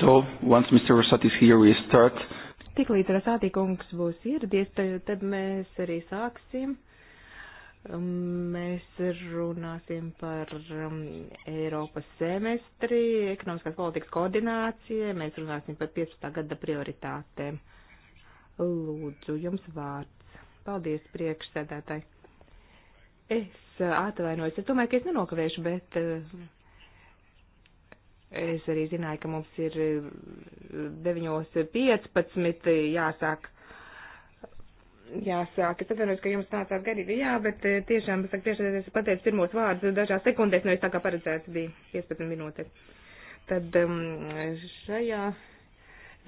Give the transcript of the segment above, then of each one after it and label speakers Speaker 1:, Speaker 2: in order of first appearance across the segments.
Speaker 1: So, once Mr. Rosati is here, we start. Tik līdz Rosati kungs būs ieradies, tad mēs arī sāksim. Um, mēs runāsim par um, Eiropas semestri, ekonomiskās politikas koordinācijai, mēs runāsim par 15. gada prioritātēm. Lūdzu, jums vārds. Paldies, priekšsēdētāji. Es uh, atvainojos, es domāju, ka es nenokavēšu, bet. Uh, Es arī zināju, ka mums ir 9.15 eh, eh, jāsāk. Jāsāk, es atvainojos, ka jums nācās garīgi, jā, bet eh, tiešām, es tiešām es pateicu pirmos vārdus dažās sekundēs, nevis tā kā paredzēts bija 15 minūtes. Tad um, šajā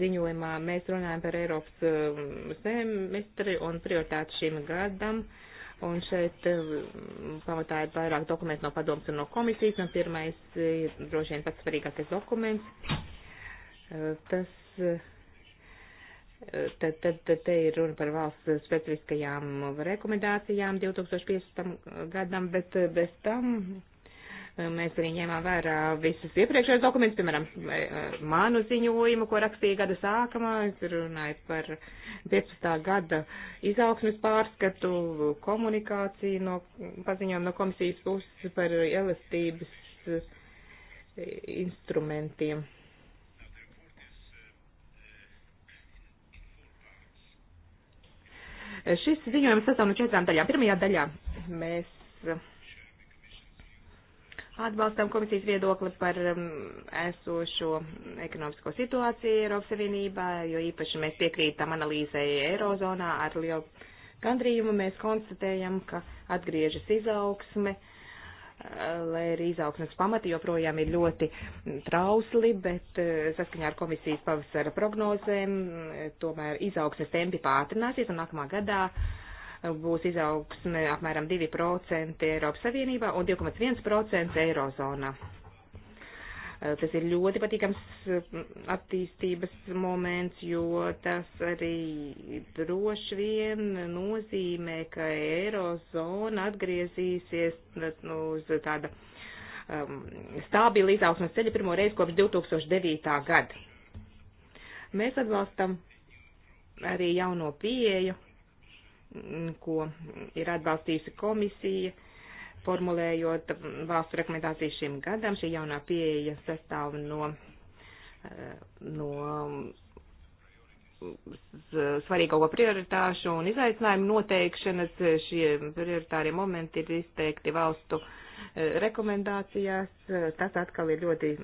Speaker 1: ziņojumā mēs runājam par Eiropas um, semestri un prioritāti šim gadam. Uh, Un šeit um, pamatā ir vairāk dokumentu no padomas un no komisijas, un pirmais ir droši vien pats svarīgākais dokuments.
Speaker 2: Uh, tas, uh,
Speaker 1: tad, tad, tad te ir runa par valsts specifiskajām rekomendācijām 2015. gadam, bet uh, bez tam Mēs arī ņēmām vērā visus iepriekšējos dokumentus, piemēram, eh, manu ziņojumu, ko rakstīja gada sākumā. Es runāju par 15. gada izaugsmes pārskatu, komunikāciju no paziņojumu no komisijas puses par elastības eh, instrumentiem. Šis ziņojums sastāv no četrām daļām. Pirmajā daļā mēs Atbalstam komisijas viedokli par um, esošo ekonomisko situāciju Eiropas Savienībā, jo īpaši mēs piekrītam analīzei Eirozonā ar lielu gandrījumu. Mēs konstatējam, ka atgriežas izaugsme, uh, lai arī izaugsmes pamati joprojām ir ļoti trausli, bet uh, saskaņā ar komisijas pavasara prognozēm uh, tomēr izaugsmes tempi pātrināsies un nākamā gadā uh, būs izaugsme apmēram 2% Eiropas Savienībā un 2,1% Eirozonā. Eh, tas ir ļoti patīkams eh, attīstības moments, jo tas arī droši vien nozīmē, ka Eirozona atgriezīsies nu, uz tāda um, stabila izaugsmas ceļa pirmo reizi kopš 2009. gada. Mēs atbalstam arī jauno pieeju Mm, ko ir atbalstījusi komisija, formulējot valstu rekomendācijas šim gadam. Šī jaunā pieeja sastāv no, eh, no svarīgāko prioritāšu un izaicinājumu noteikšanas. Šie prioritārie momenti ir izteikti valstu eh, rekomendācijās. Tas atkal ir ļoti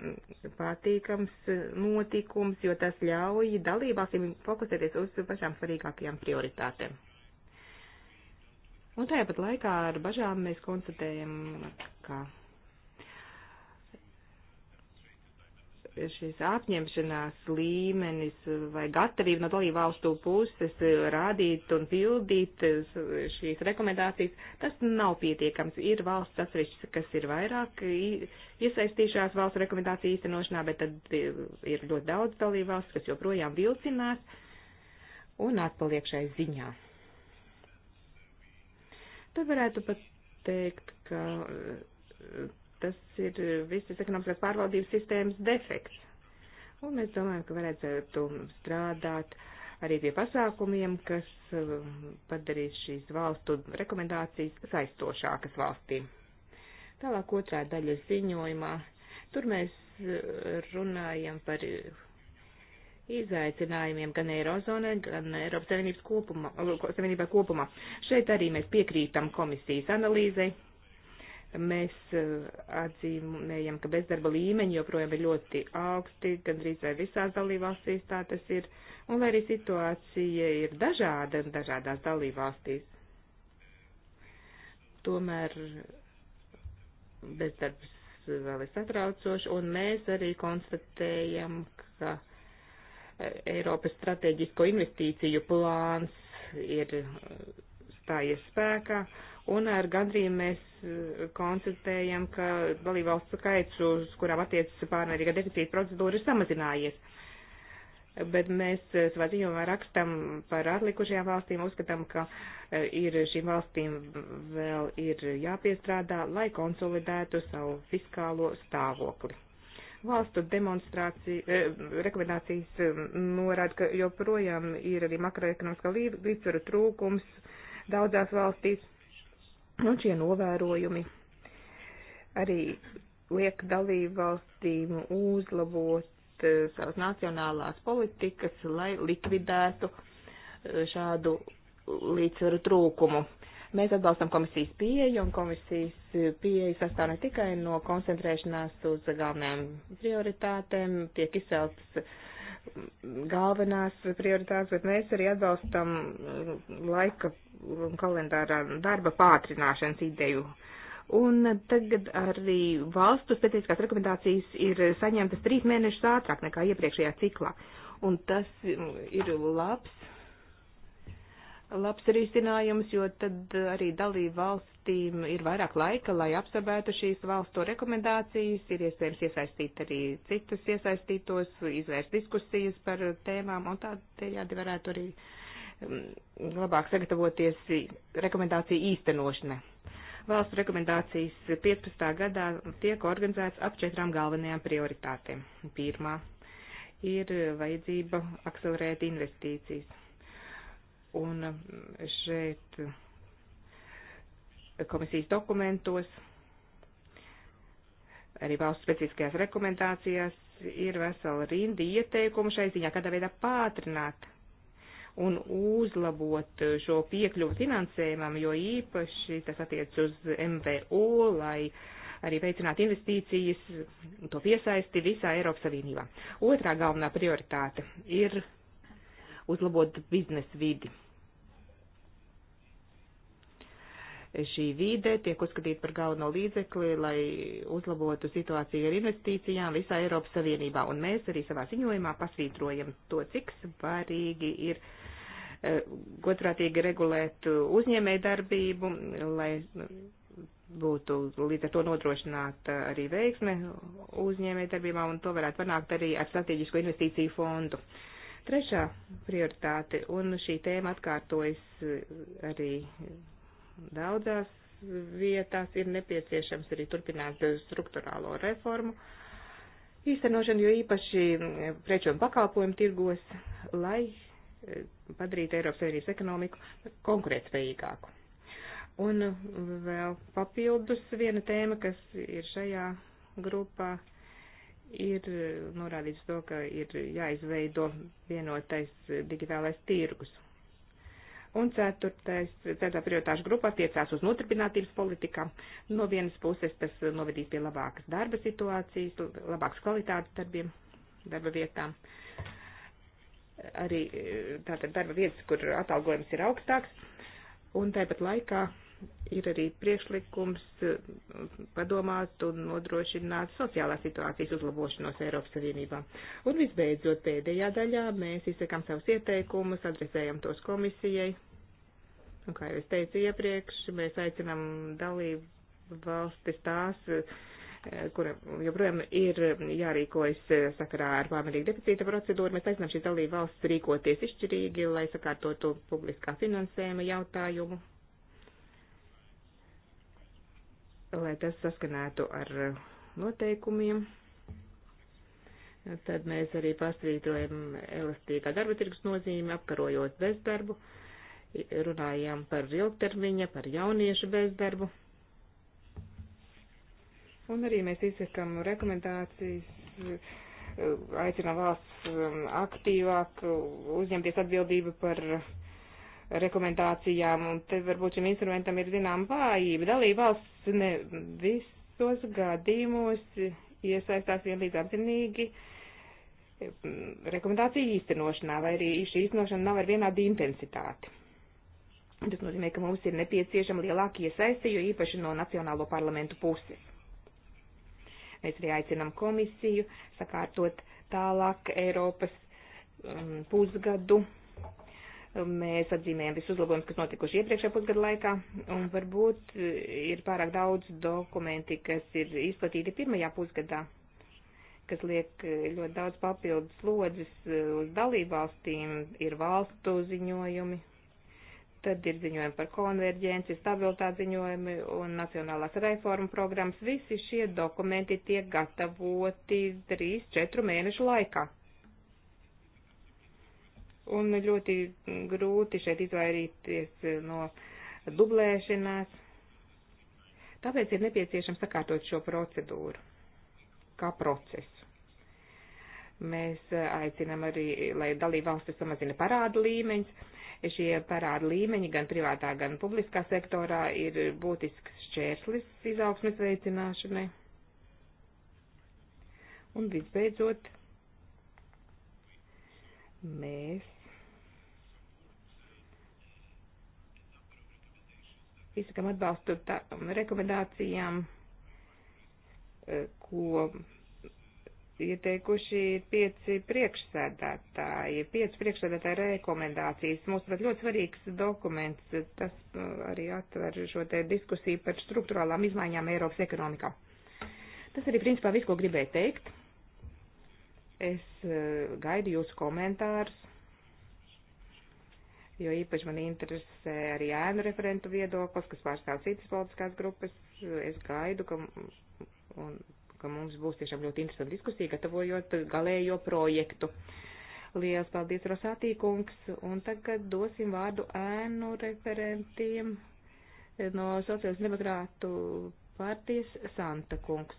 Speaker 1: patīkams notikums, jo tas ļauj dalībvalstīm fokusēties uz pašām svarīgākajām prioritātēm. Un tāpat laikā ar bažām mēs konstatējam, ka šis apņemšanās līmenis vai gatavība no dalībvalstu puses rādīt un pildīt šīs rekomendācijas, tas nav pietiekams. Ir valsts atsevišķas, kas ir vairāk iesaistījušās valsts rekomendāciju īstenošanā, bet tad ir ļoti daudz dalībvalsts, kas joprojām vilcinās un atpaliek šai ziņā. Te varētu pat teikt, ka e, tas ir visas ekonomiskās pārvaldības sistēmas defekts. Un mēs domājam, ka varētu strādāt arī pie pasākumiem, kas e, padarīs šīs valstu rekomendācijas saistošākas valstīm. Tālāk otrā daļa ziņojumā. Tur mēs e, runājam par izaicinājumiem gan Eirozonai, gan Eiropas Savienības kopumā, Savienībā kopumā. Šeit arī mēs piekrītam komisijas analīzei. Mēs atzīmējam, ka bezdarba līmeņi joprojām ir ļoti augsti, gandrīz vai visās dalībvalstīs tā tas ir, un arī situācija ir dažāda dažādās dalībvalstīs. Tomēr bezdarbs vēl ir satraucoši, un mēs arī konstatējam, ka Eiropas strateģisko investīciju plāns ir uh, stājies spēkā, un ar gadrību mēs uh, konstatējam, ka dalībvalstu skaits, uz kurām attiecas pārmērīga deficīta procedūra, ir samazinājies. Bet mēs uh, savā ziņojumā rakstam par atlikušajām valstīm, uzskatām, ka ir šīm valstīm vēl ir jāpiestrādā, lai konsolidētu savu fiskālo stāvokli. Valstu demonstrācija, eh, rekomendācijas e, norāda, ka joprojām ir arī makroekonomiskā līdzsvaru trūkums daudzās valstīs, un šie novērojumi arī liek dalību valstīm uzlabot eh, savas nacionālās politikas, lai likvidētu e, šādu līdzsvaru trūkumu Mēs atbalstam komisijas pieeju, un komisijas eh, pieeja sastāv ne tikai no koncentrēšanās uz galvenajām prioritātēm, tiek izceltas mm, galvenās prioritātes, bet mēs arī atbalstam mm, laika kalendārā darba pātrināšanas ideju. Un tagad arī valstu specifiskās rekomendācijas ir saņemtas trīs mēnešus ātrāk nekā iepriekšējā ciklā. Un tas mm, ir labs labs risinājums, jo tad eh, arī dalību valstīm ir vairāk laika, lai apsabētu šīs valstu rekomendācijas, ir iespējams iesaistīt arī citus iesaistītos, izvērst diskusijas par tēmām, un tādējādi varētu arī mm, labāk sagatavoties rekomendāciju īstenošanai. Valstu rekomendācijas 15. gadā tiek organizēts ap četrām galvenajām prioritātēm. Pirmā ir vajadzība akcelerēt investīcijas Un um, šeit uh, komisijas dokumentos, arī valsts specifiskajās rekomendācijās ir vesela rinda ieteikumu šai ziņā, kādā veidā pātrināt un uzlabot šo piekļuvu finansējumam, jo īpaši tas attiec uz MVO, lai arī veicinātu investīcijas un to piesaisti visā Eiropas Savienībā. Otrā galvenā prioritāte ir uzlabot biznesa vidi. Šī vide tiek uzskatīta par galveno līdzekli, lai uzlabotu situāciju ar investīcijām visā Eiropas Savienībā, un mēs arī savā ziņojumā pasvītrojam to, cik svarīgi ir e, godprātīgi regulēt uzņēmēju darbību, lai būtu līdz ar to nodrošināta arī veiksme uzņēmējdarbībā, un to varētu panākt arī ar strateģisko investīciju fondu. Trešā prioritāte, un šī tēma atkārtojas eh, arī daudzās vietās, ir nepieciešams arī turpināt struktūrālo reformu īstenošanu, jo īpaši eh, preču un pakalpojumu tirgos, lai eh, padarītu Eiropas Savienības ekonomiku konkurētspējīgāku. Un vēl papildus viena tēma, kas ir šajā grupā ir e, norādīts to, ka ir jāizveido vienotais digitālais tirgus. Un ceturtais, ceturtā prioritāšu grupa attiecās uz nodarbinātības politikām. No vienas puses tas novedīs pie labākas darba situācijas, labākas kvalitātes darbiem, darba vietām. Arī e, tātad darba vietas, kur atalgojums ir augstāks. Un tāpat laikā ir arī priekšlikums uh, padomāt un nodrošināt sociālās situācijas uzlabošanos Eiropas Savienībā. Un visbeidzot, pēdējā daļā mēs izsakām savus ieteikumus, adresējam tos komisijai. Un, kā jau es teicu iepriekš, mēs aicinām dalību valstis tās, eh, kur joprojām ir jārīkojas eh, sakarā ar pārmērīgu deficīta procedūru. Mēs aicinām šīs dalību valsts rīkoties izšķirīgi, lai sakārtotu publiskā finansējuma jautājumu lai tas saskanētu ar eh, noteikumiem. Tad mēs arī pastrītojam elastīgā darba tirgus nozīmi, apkarojot bezdarbu, runājām par ilgtermiņa, par jauniešu bezdarbu. Un arī mēs izsakam rekomendācijas, eh, aicinām valsts um, aktīvāk uzņemties atbildību par rekomendācijām, un te varbūt šim instrumentam ir zinām vājība. Dalībvalsts ne visos gadījumos iesaistās vienlīdz apzinīgi mm, rekomendāciju īstenošanā, vai arī šī īstenošana nav ar vienādu intensitāti. Tas nozīmē, ka mums ir nepieciešama lielāka iesaiste, jo īpaši no nacionālo parlamentu puses. Mēs arī aicinām komisiju sakārtot tālāk Eiropas um, pusgadu Mēs atzīmējam visus uzlabojumus, kas notikuši iepriekšējā pusgada laikā, un varbūt eh, ir pārāk daudz dokumenti, kas ir izplatīti pirmajā pusgadā, kas liek eh, ļoti daudz papildus slodzes eh, uz dalībvalstīm, ir valstu ziņojumi, tad ir ziņojumi par konverģenci, stabilitāti ziņojumi un nacionālās reformu programmas. Visi šie dokumenti tiek gatavoti 3-4 mēnešu laikā un ļoti grūti šeit izvairīties eh, no dublēšanās. Tāpēc ir nepieciešams sakārtot šo procedūru kā procesu. Mēs eh, aicinām arī, lai dalība valstis samazina parādu līmeņus. Šie parādu līmeņi gan privātā, gan publiskā sektorā ir būtisks šķērslis izaugsmes veicināšanai.
Speaker 2: Un visbeidzot, mēs
Speaker 1: izsakam atbalstu tā, um, rekomendācijām, e, ko ieteikuši pieci priekšsēdētāji. Pieci priekšsēdētāji rekomendācijas. Mums pat ļoti svarīgs dokuments, tas e, arī atver šo te diskusiju par struktūrālām izmaiņām Eiropas ekonomikā. Tas arī principā viss, ko gribēju teikt. Es e, gaidu jūsu komentārus jo īpaši man interesē arī ēnu referentu viedoklis, kas pārstāv citas politiskās grupas. Es gaidu, ka, un, ka mums būs tiešām ļoti interesanta diskusija, gatavojot galējo projektu. Lielas paldies, Rosātī kungs, un tagad dosim vārdu ēnu referentiem no sociālas demokrātu partijas Santa kungs.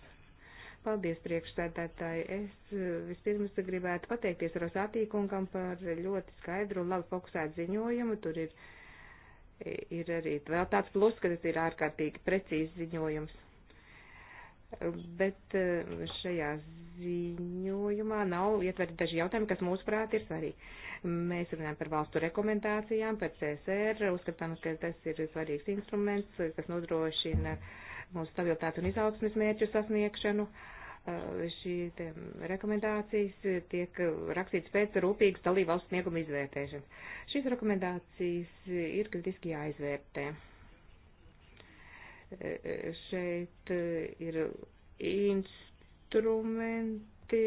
Speaker 1: Paldies, priekšsēdētāji. Es eh, vispirms gribētu pateikties Rosātī kungam par ļoti skaidru un labi fokusētu ziņojumu. Tur ir, ir arī vēl tāds plus, ka tas ir ārkārtīgi precīzs ziņojums. Bet eh, šajā ziņojumā nav ietverti daži jautājumi, kas mūsuprāt ir svarīgi. Mēs runājam par valstu rekomendācijām, par CSR, uzskatām, ka tas ir svarīgs instruments, kas nodrošina uh, mūsu stabilitāti un izaugsmes mērķu sasniegšanu. Eh, šī rekomendācijas tiek rakstīts pēc rūpīgas dalībvalsts snieguma izvērtēšanas. Šīs rekomendācijas ir kritiski jāizvērtē. Eh, šeit eh, ir instrumenti,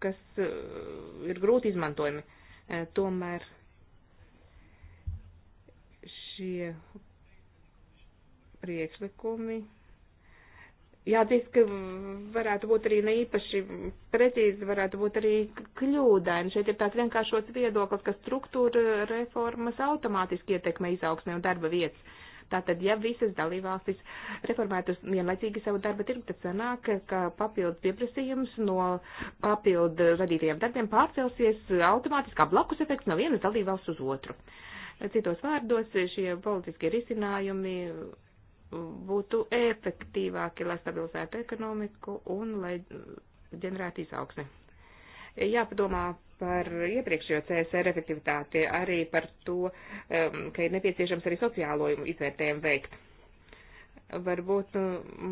Speaker 1: kas ir grūti izmantojami. Tomēr šie priekšlikumi Jāatzīst, ka varētu būt arī neīpaši precīzi, varētu būt arī kļūdaini. Šeit ir tāds vienkāršots viedoklis, ka struktūra reformas automātiski ietekmē izaugsmē un darba vietas. Tātad, ja visas dalībvalstis reformētu vienlaicīgi savu darba tirgu, tad sanāk, ka papildu pieprasījums no papildu radītajiem darbiem pārcelsies automātiski kā blakus efekts no vienas dalībvalsts uz otru. Citos vārdos šie politiskie risinājumi būtu efektīvāki, lai stabilizētu ekonomiku un lai uh, ģenerētu izaugsmi. Jāpadomā par iepriekšējo CSR efektivitāti, arī par to, um, ka ir nepieciešams arī sociālo izvērtējumu veikt. Varbūt nu,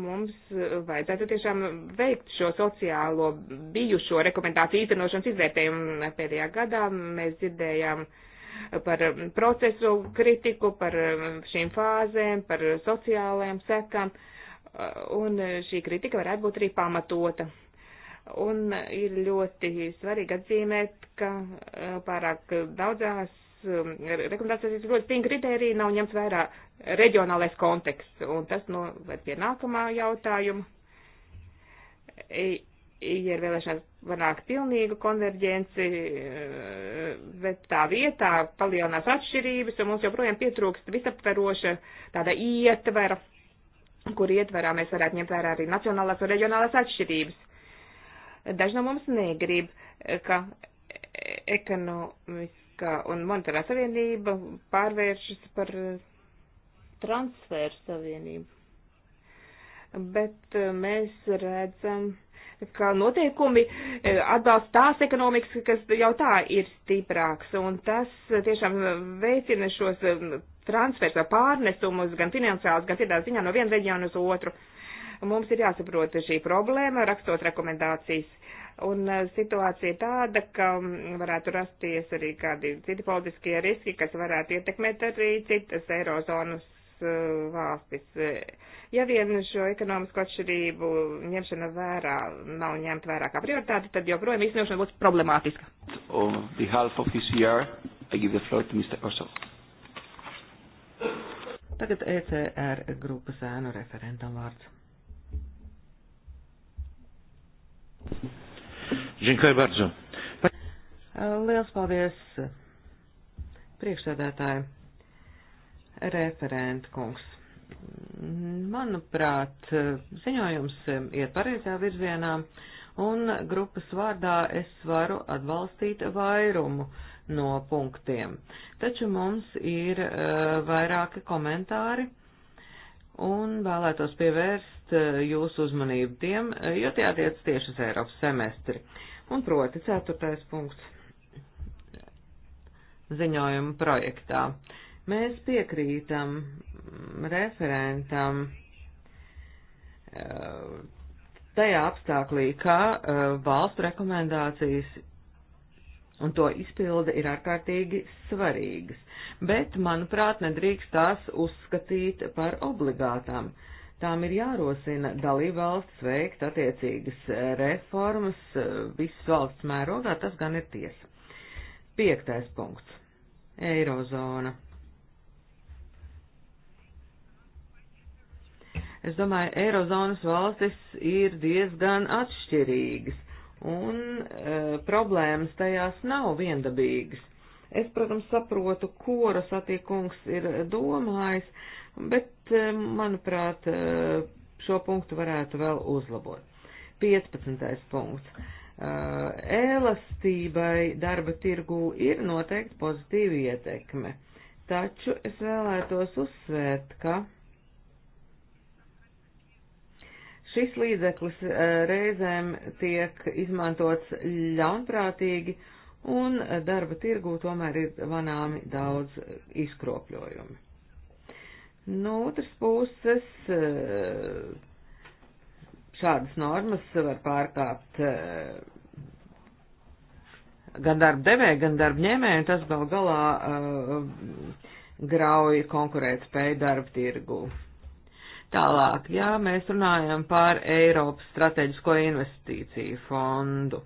Speaker 1: mums vajadzētu tiešām veikt šo sociālo bijušo rekomendāciju īstenošanas izvērtējumu pēdējā gadā. Mēs dzirdējām uh, par um, procesu kritiku, par um, šīm fāzēm, par sociālajām sekām, uh, un uh, šī kritika varētu būt arī pamatota. Un uh, ir ļoti svarīgi atzīmēt, ka pārāk daudzās um, rekomendācijas ir ļoti stingri kriteriji, nav ņemts vērā reģionālais konteksts, un tas noved nu, pie nākamā jautājuma. Ir vēlēšanās panākt pilnīgu konverģenci, eh, bet tā vietā palielinās atšķirības, un mums joprojām pietrūkst visaptveroša tāda ietvera, kur ietverā mēs varētu ņemt vērā arī nacionālās un reģionālās atšķirības. Daži no mums negrib, eh, ka ekonomiskā un monetārā savienība pārvēršas par eh, transferu savienību. Bet mēs redzam, ka noteikumi e, atbalsta tās ekonomikas, kas jau tā ir stiprāks, un tas tiešām veicina šos e, transfers vai pārnesumus gan finansiāls, gan citā ziņā no viena reģiona uz otru. Mums ir jāsaprot šī problēma, rakstot rekomendācijas. Un e, situācija ir tāda, ka varētu rasties arī kādi citi politiskie riski, kas varētu ietekmēt arī citas eirozonas Eh, valstis. Ja vien šo ekonomisko atšķirību ņemšana vērā nav ņemt vērā kā prioritāte, tad joprojām izsniegšana būs problemātiska. On behalf of ECR, I give the floor to Mr. Oso.
Speaker 2: Tagad ECR grupas ēnu referentam vārds.
Speaker 1: Dziękuję bardzo.
Speaker 2: Liels paldies priekšsēdētāji referenta kungs. Manuprāt, ziņojums iet pareizajā virzienā, un grupas vārdā es varu atbalstīt vairumu no punktiem. Taču mums ir uh, vairāki komentāri, un vēlētos pievērst uh, jūsu uzmanību tiem, eh, jo tie attiec tieši uz Eiropas semestri. Un proti, ceturtais punkts ziņojuma projektā. Uh, Mēs piekrītam referentam eh, tajā apstāklī, ka eh, valstu rekomendācijas un to izpilde ir ārkārtīgi svarīgas, bet, manuprāt, nedrīkst tās uzskatīt par obligātām. Tām ir jārosina dalībvalsts veikt attiecīgas eh, reformas visas valsts mērogā, tas gan ir tiesa. Piektais punkts - Eirozona. Es domāju, Eirozonas valstis ir diezgan atšķirīgas, un e, problēmas tajās nav viendabīgas. Es, protams, saprotu, ko Rasatiekungs ir domājis, bet, e, manuprāt, e, šo punktu varētu vēl uzlabot. 15. punkts. Ēlastībai e, darba tirgū ir noteikti pozitīva ietekme, taču es vēlētos uzsvērt, ka Šis līdzeklis eh, reizēm tiek izmantots ļaunprātīgi, un darba tirgū tomēr ir vanāmi daudz izkropļojumi. No otras puses, eh, šādas normas var pārkāpt eh, gan darba devēja, gan darba ņēmēja, un tas gal galā uh, grauja konkurētspēju darba tirgū. Tālāk, jā, mēs runājam par Eiropas strateģisko investīciju fondu.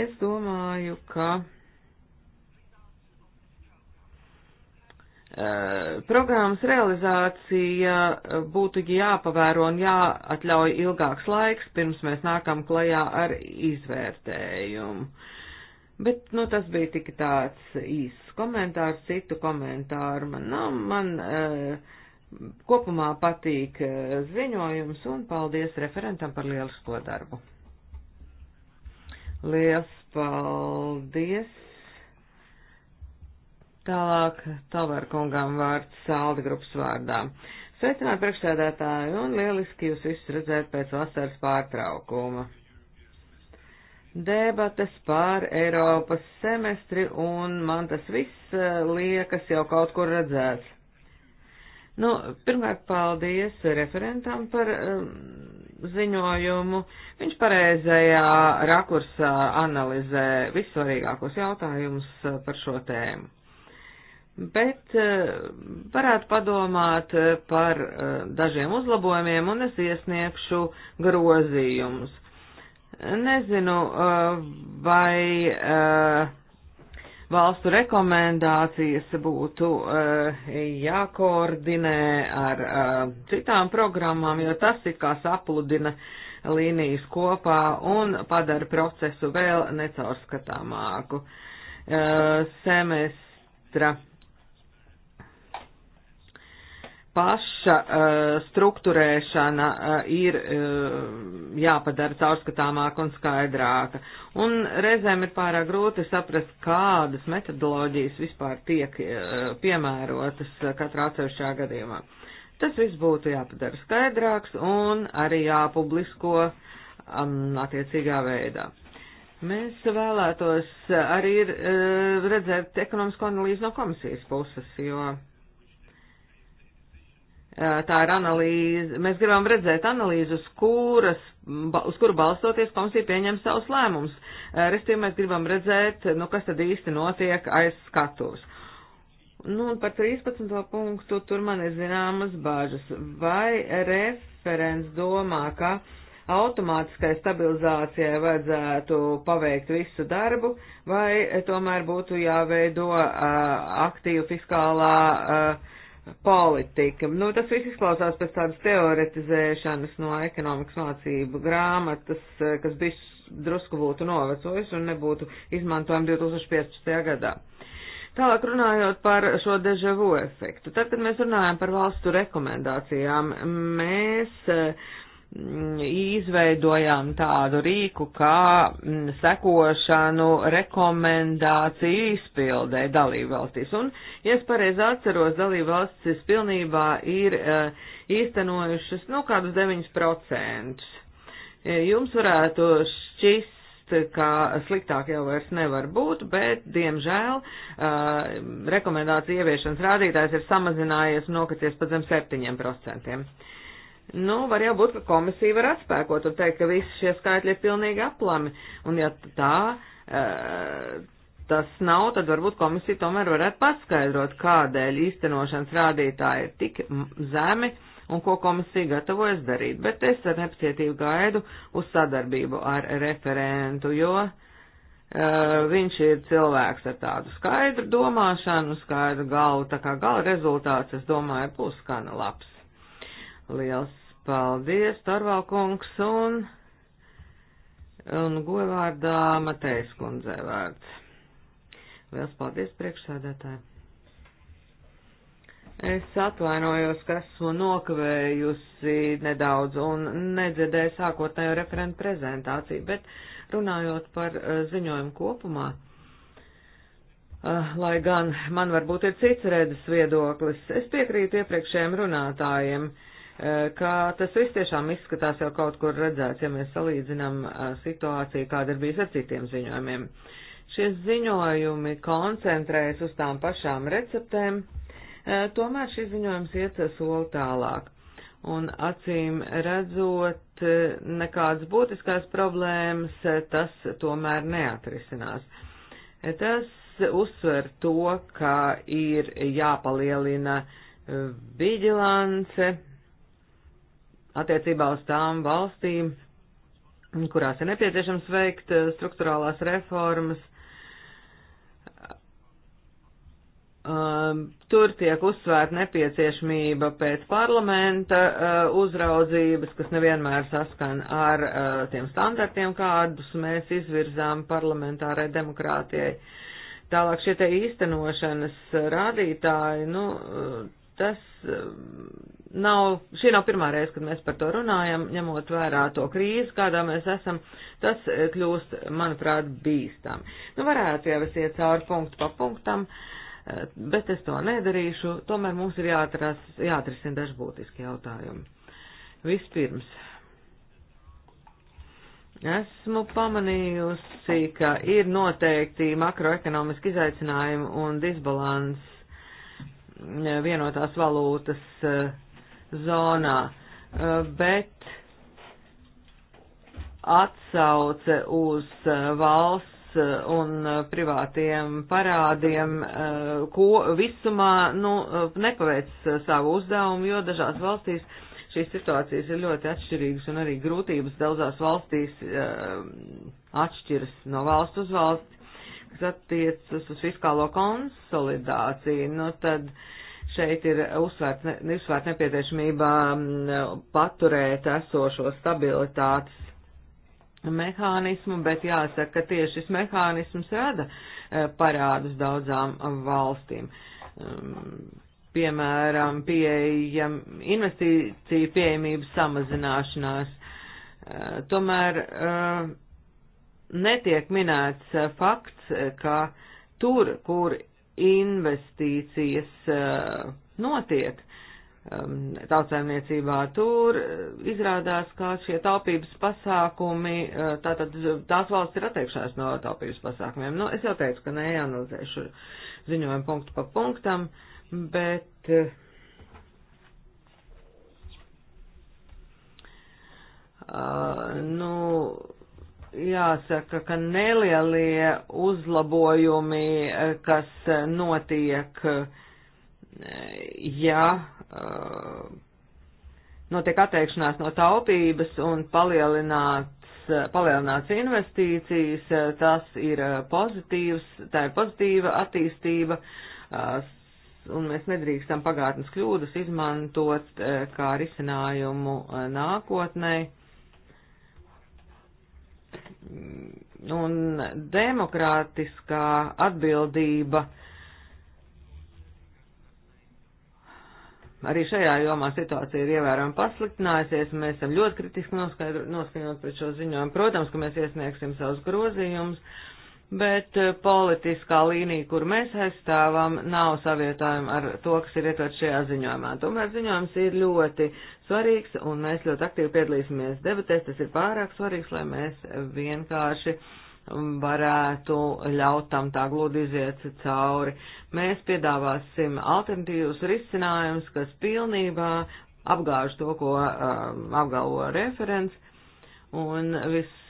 Speaker 2: Es domāju, ka uh, programmas realizācija būtu jāpavēro un jāatļauj ilgāks laiks, pirms mēs nākam klajā ar izvērtējumu. Bet, nu, tas bija tik tāds īsts komentārs, citu komentāru man nav. Man, uh, kopumā patīk e, ziņojums un paldies referentam par lielisko darbu. Lielas paldies! Tālāk Tavar kungam vārds salda grupas vārdā. Sveicināt priekšsēdētāju un lieliski jūs visus redzēt pēc vasaras pārtraukuma. Debates pār Eiropas semestri un man tas viss e, liekas jau kaut kur redzēts Nu, pirmkārt, paldies referentam par um, ziņojumu. Viņš pareizajā rakursā analizē vissvarīgākos jautājumus uh, par šo tēmu. Bet uh, varētu padomāt uh, par uh, dažiem uzlabojumiem un es iesniegšu grozījumus. Nezinu, uh, vai. Uh, valstu rekomendācijas būtu uh, jākoordinē ar uh, citām programmām, jo tas it kā sapludina līnijas kopā un padara procesu vēl necaurskatāmāku. Uh, semestra paša uh, struktūrēšana uh, ir uh, jāpadara caurskatāmāka un skaidrāka. Un reizēm ir pārāk grūti saprast, kādas metodoloģijas vispār tiek uh, piemērotas katrā atsevišķā gadījumā. Tas viss būtu jāpadara skaidrāks un arī jāpublisko um, attiecīgā veidā. Mēs vēlētos arī uh, redzēt ekonomisko analīzi no komisijas puses, jo tā ir analīze, mēs gribam redzēt analīzi, uz, kuras, uz kuru balstoties komisija pieņem savus lēmumus. Restīvi mēs gribam redzēt, nu, kas tad īsti notiek aiz skatuves. Nu, un par 13. punktu tur man ir zināmas bāžas. Vai referents domā, ka automātiskai stabilizācijai vajadzētu paveikt visu darbu, vai tomēr būtu jāveido uh, aktīva fiskālā uh, politika. Nu, tas viss izklausās pēc tādas teoretizēšanas no ekonomikas mācību grāmatas, eh, kas bijis drusku būtu novecojis un nebūtu izmantojami 2015. gadā. Tālāk runājot par šo dežavu efektu. Tad, kad mēs runājam par valstu rekomendācijām, mēs uh, izveidojām tādu rīku kā mm, sekošanu rekomendāciju izpildē dalībvalstīs. Un, ja es pareizi atceros, dalībvalstis pilnībā ir uh, īstenojušas, nu, kādus 9%. E, jums varētu šķist, ka sliktāk jau vairs nevar būt, bet, diemžēl, uh, e, rekomendācija ieviešanas rādītājs ir samazinājies un nokacies pa zem 7%. Nu, var jau būt, ka komisija var atspēkot un teikt, ka visi šie skaitļi ir pilnīgi aplami. Un ja tā e, tas nav, tad varbūt komisija tomēr varētu paskaidrot, kādēļ īstenošanas rādītāji ir tik zemi un ko komisija gatavojas darīt. Bet es ar nepacietību gaidu uz sadarbību ar referentu, jo e, viņš ir cilvēks ar tādu skaidru domāšanu, skaidru galvu, tā kā gala rezultāts, es domāju, būs gana labs. Liels paldies, Torvalkungs un, un govārdā Matejas kundzē vārds. Liels paldies, priekšsēdētāji. Es atvainojos, ka esmu nokavējusi nedaudz un nedzirdēju sākotnējo referentu prezentāciju, bet runājot par eh, ziņojumu kopumā, eh, lai gan man varbūt ir cits redzes viedoklis, es piekrītu iepriekšējiem runātājiem. Uh, Eh, ka tas viss tiešām izskatās jau kaut kur redzēts, ja mēs salīdzinām eh, situāciju, kāda ir bijis ar citiem ziņojumiem. Šie ziņojumi koncentrējas uz tām pašām receptēm, eh, tomēr šis ziņojums iet soli tālāk. Un acīm redzot, nekādas būtiskās problēmas tas tomēr neatrisinās. Tas uzsver to, ka ir jāpalielina vigilance, attiecībā uz tām valstīm, kurās ir nepieciešams veikt eh, struktūrālās reformas. Ehm, tur tiek uzsvērta nepieciešamība pēc parlamenta eh, uzraudzības, kas nevienmēr saskan ar eh, tiem standartiem, kādus mēs izvirzām parlamentārai demokrātijai. Tālāk šie te īstenošanas rādītāji, nu, tas ehm, nav, šī nav pirmā reize, kad mēs par to runājam, ņemot vērā to krīzi, kādā mēs esam, tas eh, kļūst, manuprāt, bīstam. Nu, varētu jau es iet cauri punktu pa punktam, eh, bet es to nedarīšu, tomēr mums ir jāatras, jāatrisina daži būtiski jautājumi. Vispirms. Esmu pamanījusi, ka ir noteikti makroekonomiski izaicinājumi un disbalans eh, vienotās valūtas uh, zonā, uh, bet atsauce uz uh, valsts uh, un privātiem parādiem, ko visumā nu, nepaveic savu uzdevumu, jo dažās valstīs šīs situācijas ir ļoti atšķirīgas un arī grūtības daudzās valstīs atšķiras no valsts uz valsts, kas attiecas uz fiskālo konsolidāciju. Nu, tad, uh, Šeit ir uzsvērta ne, uzsvērt nepieciešamība paturēt esošo stabilitātes mehānismu, bet jāsaka, ka tieši šis mehānisms rada e, parādus daudzām valstīm. Piemēram, pieejam, investīciju pieejamības samazināšanās. E, tomēr e, netiek minēts fakts, ka tur, kur investīcijas eh, notiek um, tautsēmniecībā, tur eh, izrādās, ka šie taupības pasākumi, eh, tātad tās valsts ir atteikšās no taupības pasākumiem. Nu, es jau teicu, ka neanalizēšu ziņojumu punktu pa punktam, bet Uh, nu, jāsaka, ka nelielie uzlabojumi, eh, kas eh, notiek, eh, ja notiek atteikšanās no taupības un palielināts, palielināts investīcijas, tas ir pozitīvs, tā ir pozitīva attīstība, un mēs nedrīkstam pagātnes kļūdas izmantot kā risinājumu nākotnē Mm, un demokrātiskā atbildība arī šajā jomā situācija ir ievērojami pasliktinājusies. Mēs esam ļoti kritiski noskaņot pret šo ziņojumu. Protams, ka mēs iesniegsim savus grozījumus bet eh, politiskā līnija, kur mēs aizstāvam, nav savietojama ar to, kas ir ietverts šajā ziņojumā. Tomēr ziņojums ir ļoti svarīgs, un mēs ļoti aktīvi piedalīsimies debatēs. Tas ir pārāk svarīgs, lai mēs vienkārši varētu ļaut tam tā glūdi iziet cauri. Mēs piedāvāsim alternatīvus risinājumus, kas pilnībā apgāž to, ko um, apgalvo referents, un viss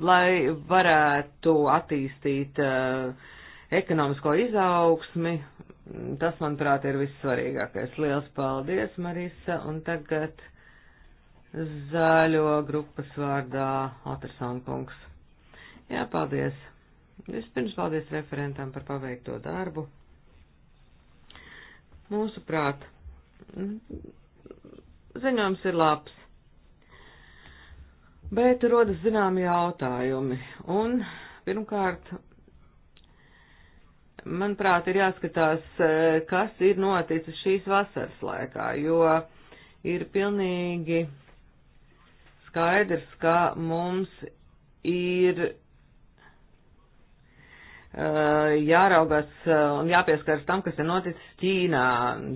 Speaker 2: lai varētu attīstīt uh, ekonomisko izaugsmi. Tas, manuprāt, ir vissvarīgākais. Liels paldies, Marisa, un tagad zaļo grupas vārdā Atrasāna kungs. Jā, paldies. Vispirms paldies referentam par paveikto darbu. Mūsuprāt, ziņojums ir labs bet rodas zināmi jautājumi. Un pirmkārt, manuprāt, ir jāskatās, e, kas ir noticis šīs vasaras laikā, jo ir pilnīgi skaidrs, ka mums ir Eh, jāraugās eh, un jāpieskars tam, kas ir noticis Ķīnā.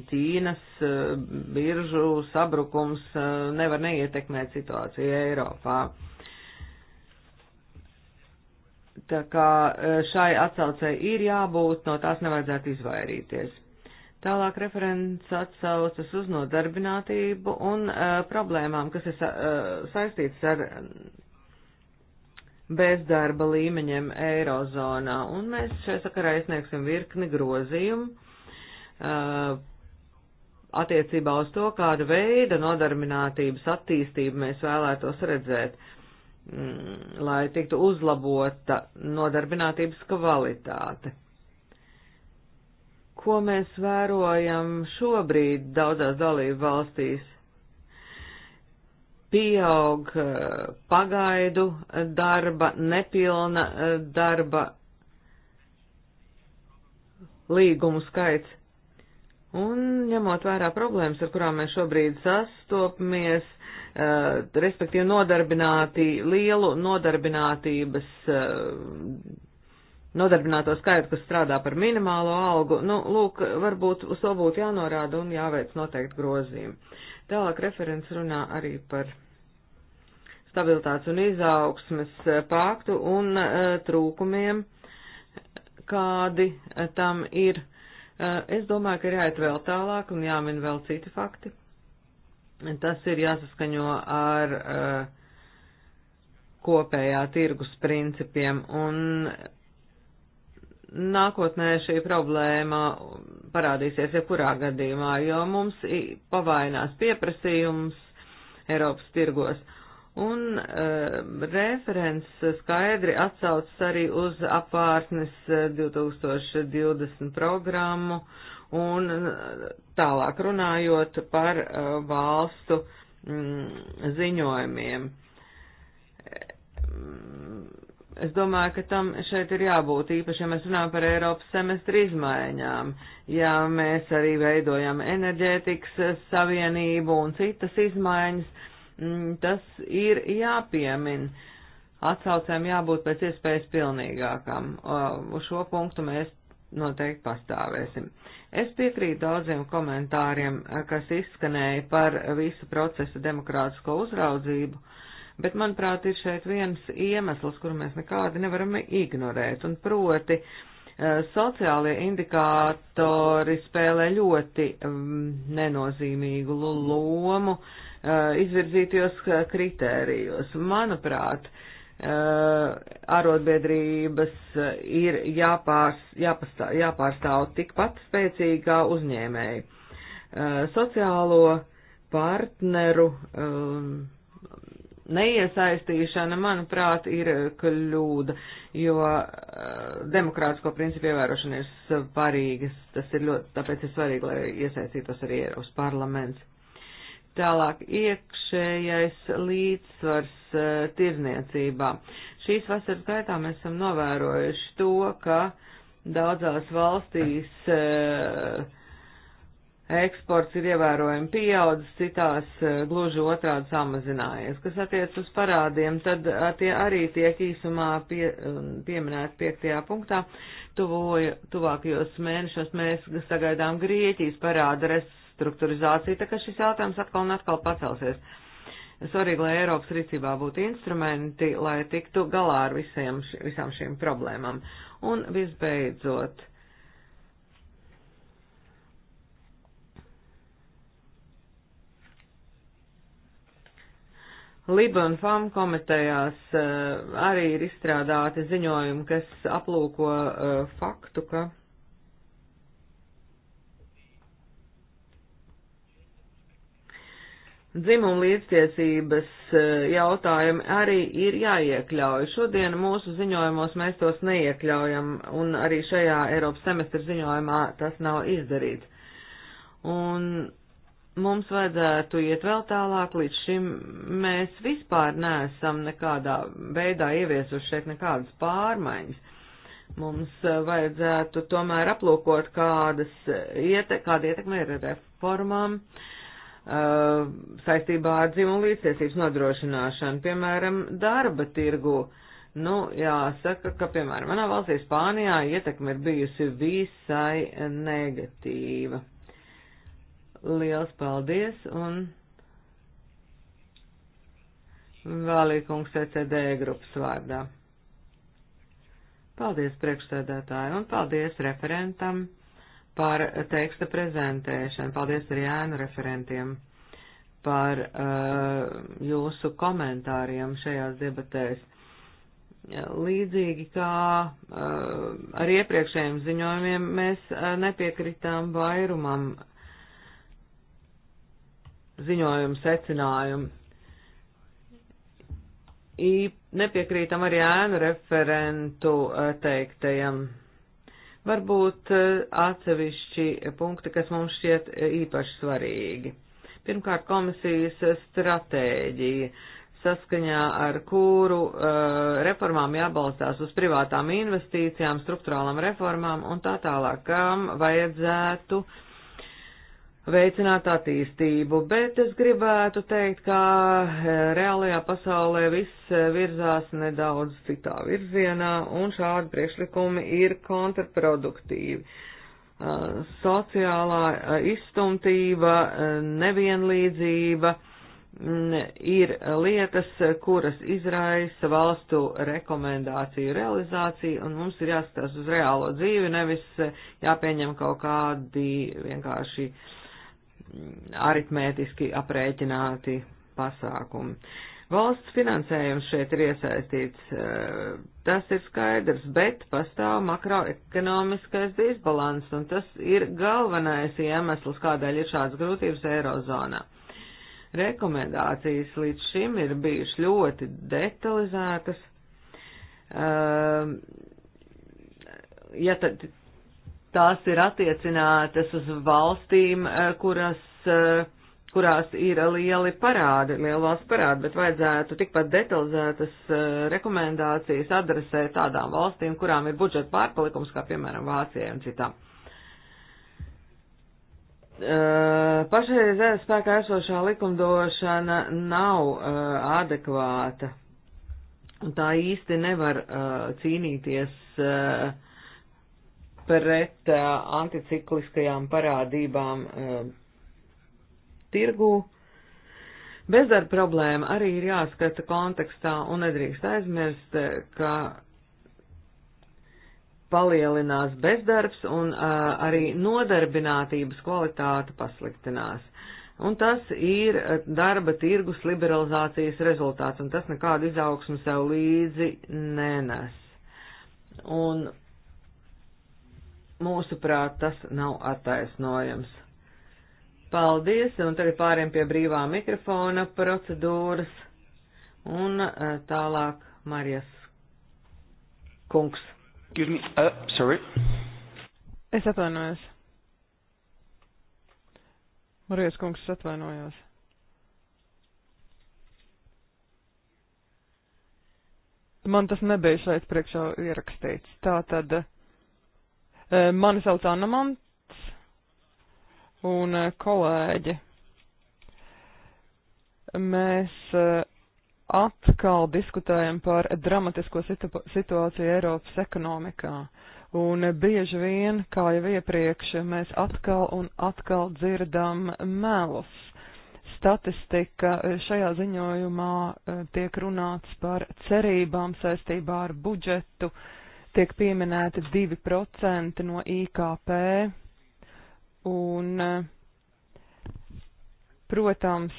Speaker 2: Ķīnas eh, biržu sabrukums nevar neietekmēt situāciju Eiropā. Tā kā šai atsaucei ir jābūt, no tās nevajadzētu izvairīties. Tālāk referents atsaucas uz nodarbinātību un uh, problēmām, kas ir sa uh, saistītas ar bezdarba līmeņiem Eirozonā, un mēs šai sakarā iesniegsim virkni grozījumu uh, attiecībā uz to, kāda veida nodarbinātības attīstību mēs vēlētos redzēt, mm, lai tiktu uzlabota nodarbinātības kvalitāte. Ko mēs vērojam šobrīd daudzās dalību valstīs? pieaug eh, pagaidu eh, darba, nepilna eh, darba līgumu skaits. Un ņemot vērā problēmas, ar kurām mēs šobrīd sastopamies, eh, respektīvi nodarbinātī, lielu nodarbinātības, eh, nodarbināto skaitu, kas strādā par minimālo algu, nu, lūk, varbūt uz to būtu jānorāda un jāveic noteikti grozījumi. Tālāk referents runā arī par stabilitātes un izaugsmes paktu un eh, trūkumiem, kādi eh, tam ir. Eh, es domāju, ka ir jāiet vēl tālāk un jāmin vēl citi fakti. Tas ir jāsaskaņo ar uh, kopējā tirgus principiem, un nākotnē šī problēma parādīsies jebkurā gadījumā, jo mums pavainās pieprasījums Eiropas tirgos. Un uh, e, referents skaidri atsaucas arī uz apvārsnes 2020 programmu un e, tālāk runājot par uh, e, valstu mm, ziņojumiem. E, mm, Es domāju, ka tam šeit ir jābūt īpaši, ja mēs runājam par Eiropas semestri izmaiņām, ja mēs arī veidojam enerģētikas savienību un citas izmaiņas, mm, tas ir jāpiemin. Atsaucēm jābūt pēc iespējas pilnīgākam. Uz šo punktu mēs noteikti pastāvēsim. Es piekrītu daudziem komentāriem, kas izskanēja par visu procesu demokrātisko uzraudzību. Uh, Bet, manuprāt, ir šeit viens iemesls, kuru mēs nekādi nevaram ignorēt, un proti eh, sociālie indikātori spēlē ļoti mm, nenozīmīgu lomu eh, izvirzītajos eh, kritērijos. Manuprāt, arotbiedrības ir jāpārs, jāpastāv, jāpārstāv tikpat spēcīgi kā uzņēmēji. Sociālo partneru um, neiesaistīšana, manuprāt, ir kļūda, jo eh, demokrātisko principu ievērošana ir svarīga, tas ir ļoti, tāpēc ir svarīgi, lai iesaistītos arī Eiropas parlaments. Tālāk iekšējais līdzsvars eh, tirzniecībā. Šīs vasaras gaitā mēs esam novērojuši to, ka daudzās valstīs uh, eksports ir ievērojami pieaudzis, citās eh, gluži otrādi samazinājies. Kas attiec uz parādiem, tad eh, tie arī tiek īsumā pie, um, pieminēti piektajā punktā. Tuvoju, tuvākajos mēnešos mēs sagaidām Grieķijas parāda restruktūrizāciju, tā ka šis jautājums atkal un atkal pacelsies. Svarīgi, lai Eiropas rīcībā būtu instrumenti, lai tiktu galā ar visiem, visām šīm problēmām. Un visbeidzot, Liba un FAM komitejās eh, arī ir izstrādāti ziņojumi, kas aplūko eh, faktu, ka Dzimuma līdztiesības eh, jautājumi arī ir jāiekļauj. Šodien mūsu ziņojumos mēs tos neiekļaujam, un arī šajā Eiropas semestra ziņojumā tas nav izdarīts. Un mums vajadzētu iet vēl tālāk, līdz šim mēs vispār neesam nekādā veidā ieviesuši šeit nekādas pārmaiņas. Mums eh, vajadzētu tomēr aplūkot, kādas iete, kāda ietekme ir reformām uh, saistībā ar dzimumu līdztiesības nodrošināšanu, piemēram, darba tirgu. Nu, jāsaka, ka, piemēram, manā valstī Spānijā ietekme ir bijusi visai negatīva. Liels paldies un Vālīkungs ECD grupas vārdā. Paldies priekšsēdētāju un paldies referentam par teksta prezentēšanu. Paldies arī ēnu referentiem par uh, jūsu komentāriem šajās debatēs. Līdzīgi kā uh, ar iepriekšējiem ziņojumiem, mēs uh, nepiekritām vairumam uh, ziņojuma secinājumi. Nepiekrītam arī ēnu referentu eh, teiktajam. Varbūt eh, atsevišķi punkti, kas mums šķiet eh, īpaši svarīgi. Pirmkārt, komisijas stratēģija saskaņā ar kuru uh, reformām jābalstās uz privātām investīcijām, struktūrālām reformām un tā tālāk, kam vajadzētu uh, veicināt attīstību, bet es gribētu teikt, ka eh, reālajā pasaulē viss eh, virzās nedaudz citā virzienā, un šādi priekšlikumi ir kontraproduktīvi. Eh, sociālā izstumtība, nevienlīdzība mm, ir lietas, kuras izraisa valstu rekomendāciju realizāciju, un mums ir jāskatās uz reālo dzīvi, nevis jāpieņem kaut kādi vienkārši uh, aritmētiski aprēķināti pasākumi. Valsts finansējums šeit ir iesaistīts, e, tas ir skaidrs, bet pastāv makroekonomiskais disbalans, un tas ir galvenais iemesls, kādēļ ir šāds grūtības Eirozonā. Rekomendācijas līdz šim ir bijušas ļoti detalizētas. Ehm, ja tad tās ir attiecinātas uz valstīm, eh, kuras, eh, kurās ir lieli parādi, liela valsts parādi, bet vajadzētu tikpat detalizētas eh, rekomendācijas adresēt tādām valstīm, kurām ir budžeta pārpalikums, kā piemēram Vācijai un citām. Pašreizējā spēkā esošā likumdošana nav adekvāta, un tā īsti nevar cīnīties uh, pret anticikliskajām parādībām tirgū. Bezdarba problēma arī ir jāskata kontekstā un nedrīkst aizmirst, ka palielinās bezdarbs un uh, arī nodarbinātības kvalitāte pasliktinās. Un tas ir darba tirgus liberalizācijas rezultāts, un tas nekādu izaugsmu sev līdzi nenes. Un Mūsuprāt, tas nav attaisnojams. Paldies, un tagad pāriem pie brīvā mikrofona procedūras, un e, tālāk
Speaker 3: Marijas kungs.
Speaker 2: Excuse me, uh, sorry.
Speaker 3: Es atvainojos. Marijas kungs, es atvainojos. Man tas nebija šeit priekšā ierakstīts. Tā tad Eh, mani sauc Anna Mants un eh, kolēģi. Mēs eh, atkal diskutējam par dramatisko situ situāciju Eiropas ekonomikā. Un bieži vien, kā jau iepriekš, mēs atkal un atkal dzirdam melus. Statistika šajā ziņojumā tiek runāts par cerībām saistībā ar budžetu, uh, tiek pieminēti 2% no IKP, un, protams,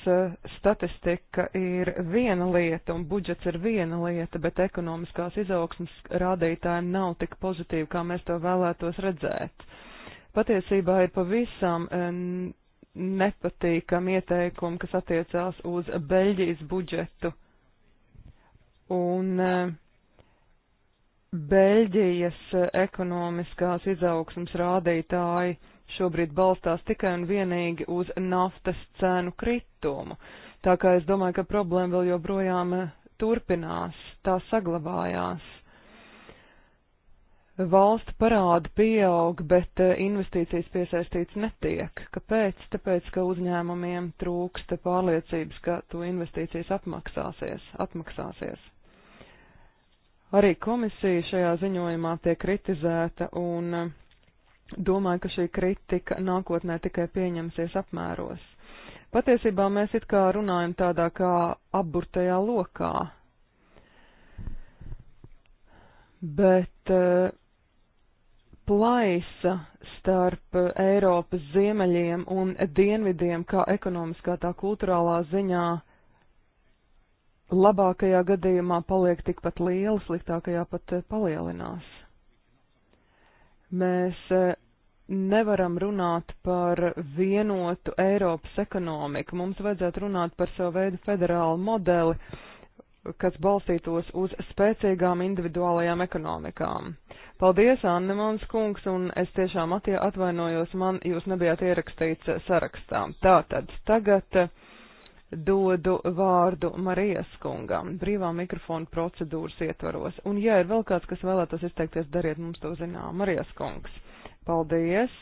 Speaker 3: statistika ir viena lieta un budžets ir viena lieta, bet ekonomiskās izaugsmas rādītājiem nav tik pozitīvi, kā mēs to vēlētos redzēt. Patiesībā ir pavisam eh, nepatīkami ieteikumi, kas attiecās uz Beļģijas budžetu. Un uh, Beļģijas eh, ekonomiskās izaugsmas rādītāji šobrīd balstās tikai un vienīgi uz naftas cēnu kritumu. Tā kā es domāju, ka problēma vēl joprojām eh, turpinās, tā saglabājās. Valstu parādi pieaug, bet eh, investīcijas piesaistīts netiek. Kāpēc? Tāpēc, ka uzņēmumiem trūksta pārliecības, ka to investīcijas atmaksāsies. atmaksāsies. Arī komisija šajā ziņojumā tiek kritizēta un eh, domāju, ka šī kritika nākotnē tikai pieņemsies apmēros. Patiesībā mēs it kā runājam tādā kā apburtajā lokā, bet uh, plaisa starp Eiropas ziemeļiem un dienvidiem, kā ekonomiskā tā kultūrālā ziņā, labākajā gadījumā paliek tikpat liela, sliktākajā pat eh, palielinās. Mēs eh, nevaram runāt par vienotu Eiropas ekonomiku. Mums vajadzētu runāt par savu veidu federālu modeli, kas balstītos uz spēcīgām individuālajām ekonomikām. Paldies, Anne Mans kungs, un es tiešām atvainojos, man jūs nebijāt ierakstīts eh, sarakstā. Tātad, tagad dodu vārdu Marijas kungam brīvā mikrofona procedūras ietvaros. Un, ja ir vēl kāds, kas vēlētos izteikties, dariet mums to zinām. Marijas kungs, paldies!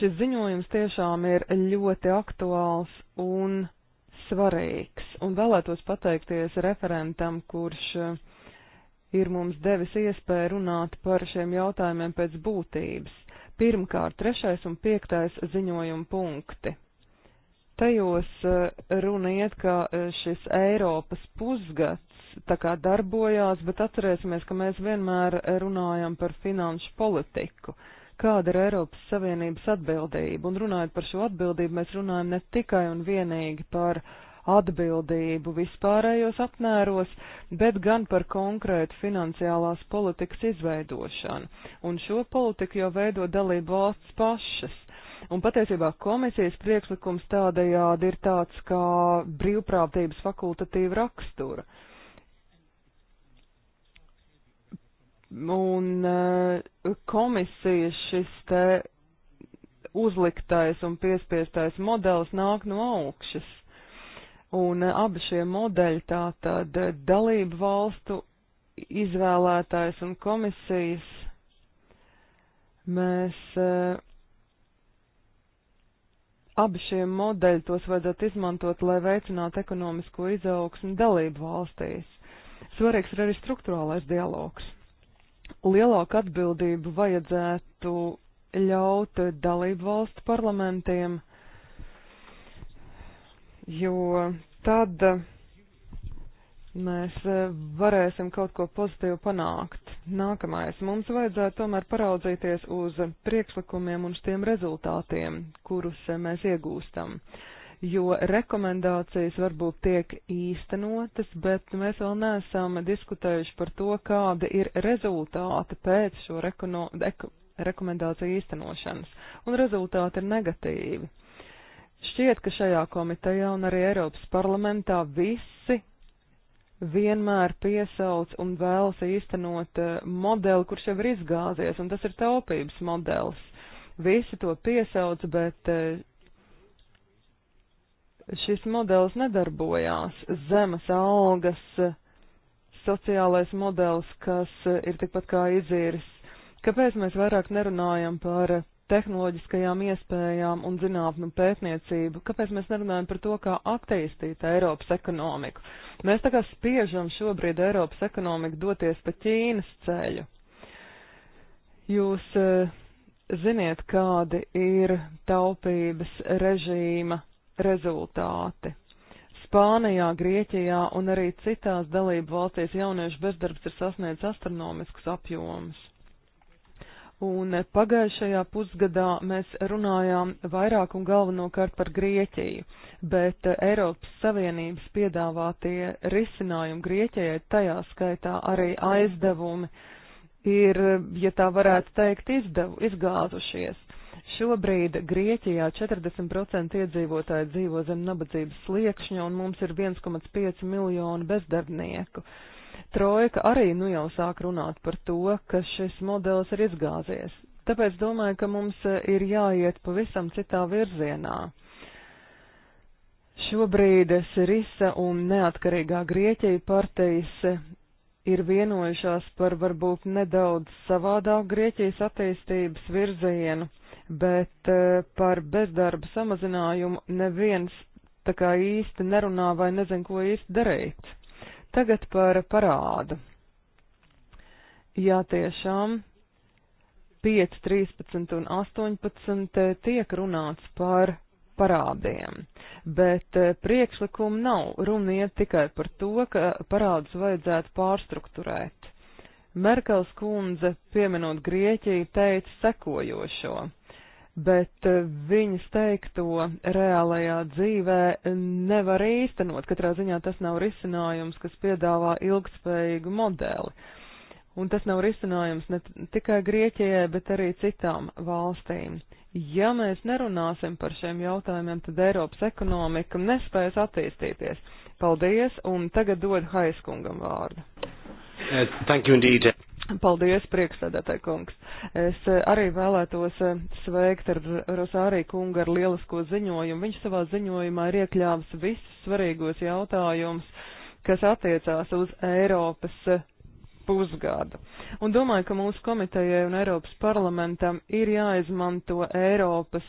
Speaker 3: Šis ziņojums tiešām ir ļoti aktuāls un svarīgs, un vēlētos pateikties referentam, kurš eh, ir mums devis iespēju runāt par šiem jautājumiem pēc būtības. Pirmkārt, trešais un piektais ziņojuma punkti. Tajos eh, runa iet, ka eh, šis Eiropas pusgads tā kā darbojās, bet atcerēsimies, ka mēs vienmēr runājam par finanšu politiku. Kāda ir Eiropas Savienības atbildība? Un runājot par šo atbildību, mēs runājam ne tikai un vienīgi par uh, atbildību vispārējos apmēros, bet gan par konkrētu finansiālās politikas izveidošanu. Un šo politiku jau veido dalību valsts pašas. Un patiesībā komisijas priekšlikums tādējādi ir tāds kā brīvprātības fakultatīva rakstura. Un eh, komisija šis te uzliktais un piespiestais modelis nāk no augšas. Un eh, abi šie modeļi, tātad eh, dalību valstu izvēlētājs un komisijas, mēs eh, abi šie modeļi tos vajadzētu izmantot, lai veicinātu ekonomisko izaugsmu dalību valstīs. Svarīgs ir arī struktūrālais dialogs. Lielāku atbildību vajadzētu ļaut dalību valstu parlamentiem jo tad mēs eh, varēsim kaut ko pozitīvu panākt. Nākamais mums vajadzētu tomēr paraudzīties uz priekšlikumiem un uz tiem rezultātiem, kurus eh, mēs iegūstam, jo rekomendācijas varbūt tiek īstenotas, bet mēs vēl neesam diskutējuši par to, kāda ir rezultāti pēc šo rekono, deko, rekomendāciju īstenošanas, un rezultāti ir negatīvi. Šķiet, ka šajā komitejā un arī Eiropas parlamentā visi vienmēr piesauc un vēlas īstenot eh, modeli, kurš jau ir izgāzies, un tas ir taupības modelis. Visi to piesauc, bet eh, šis modelis nedarbojās. Zemes algas, sociālais modelis, kas eh, ir tikpat kā izīris. Kāpēc mēs vairāk nerunājam par tehnoloģiskajām iespējām un zinātnu pētniecību, kāpēc mēs nerunājam par to, kā attīstīt Eiropas ekonomiku. Mēs tā kā spiežam šobrīd Eiropas ekonomiku doties pa Ķīnas ceļu. Jūs eh, ziniet, kādi ir taupības režīma rezultāti. Spānijā, Grieķijā un arī citās dalību valstīs jauniešu bezdarbs ir sasniedzis astronomiskus apjomus. Un pagājušajā pusgadā mēs runājām vairāk un galvenokārt par Grieķiju, bet Eiropas Savienības piedāvātie risinājumi Grieķijai, tajā skaitā arī aizdevumi, ir, ja tā varētu teikt, izdevu, izgāzušies. Šobrīd Grieķijā 40% iedzīvotāji dzīvo zem nabadzības sliekšņa un mums ir 1,5 miljonu bezdarbnieku. Uh, Trojka arī nu jau sāk runāt par to, ka šis modelis ir izgāzies. Tāpēc domāju, ka mums e, ir jāiet pavisam citā virzienā. Šobrīd Sirisa un neatkarīgā Grieķija partijas e, ir vienojušās par varbūt nedaudz savādāk Grieķijas attīstības virzienu, bet e, par bezdarba samazinājumu neviens tā kā īsti nerunā vai nezin, ko īsti darīt. Tagad par parādu. Jā, tiešām 5, 13 un 18 eh, tiek runāts par parādiem, bet eh, priekšlikumu nav. Runa iet tikai par to, ka parādus vajadzētu pārstruktūrēt. Merkels kundze, pieminot Grieķiju, teica sekojošo bet eh, viņas teikto reālajā dzīvē nevar īstenot. Katrā ziņā tas nav risinājums, kas piedāvā ilgspējīgu modeli. Un tas nav risinājums ne tikai Grieķijai, bet arī citām valstīm. Ja mēs nerunāsim par šiem jautājumiem, tad Eiropas ekonomika nespēs attīstīties. Paldies, un tagad dod Haiskungam vārdu.
Speaker 1: Uh, thank you indeed.
Speaker 3: Paldies, priekšsēdētāji kungs. Es eh, arī vēlētos eh, sveikt ar Rosārī kungu ar lielisko ziņojumu. Viņš savā ziņojumā ir iekļāvis visus svarīgos jautājumus, kas attiecās uz Eiropas eh, pusgadu. Un domāju, ka mūsu komitejai un Eiropas parlamentam ir jāizmanto Eiropas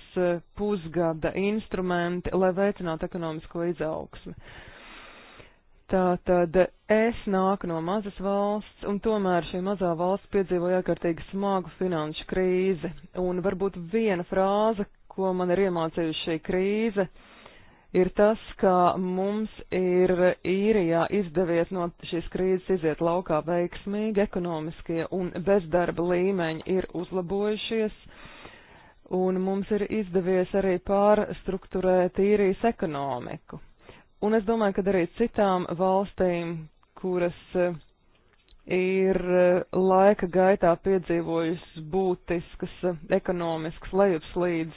Speaker 3: pusgada instrumenti, lai veicinātu ekonomisko izaugsmi. Uh, Tātad es nāku no mazas valsts, un tomēr šī mazā valsts piedzīvoja ārkārtīgi smagu finanšu krīzi. Un varbūt viena frāze, ko man ir iemācījusi šī krīze, ir tas, ka mums ir īrijā izdevies no šīs krīzes iziet laukā veiksmīgi, ekonomiskie un bezdarba līmeņi ir uzlabojušies, un mums ir izdevies arī pārstruktūrēt īrijas ekonomiku Un es domāju, ka arī citām valstīm, kuras eh, ir eh, laika gaitā piedzīvojusi būtiskas eh, ekonomiskas lejupslīdes,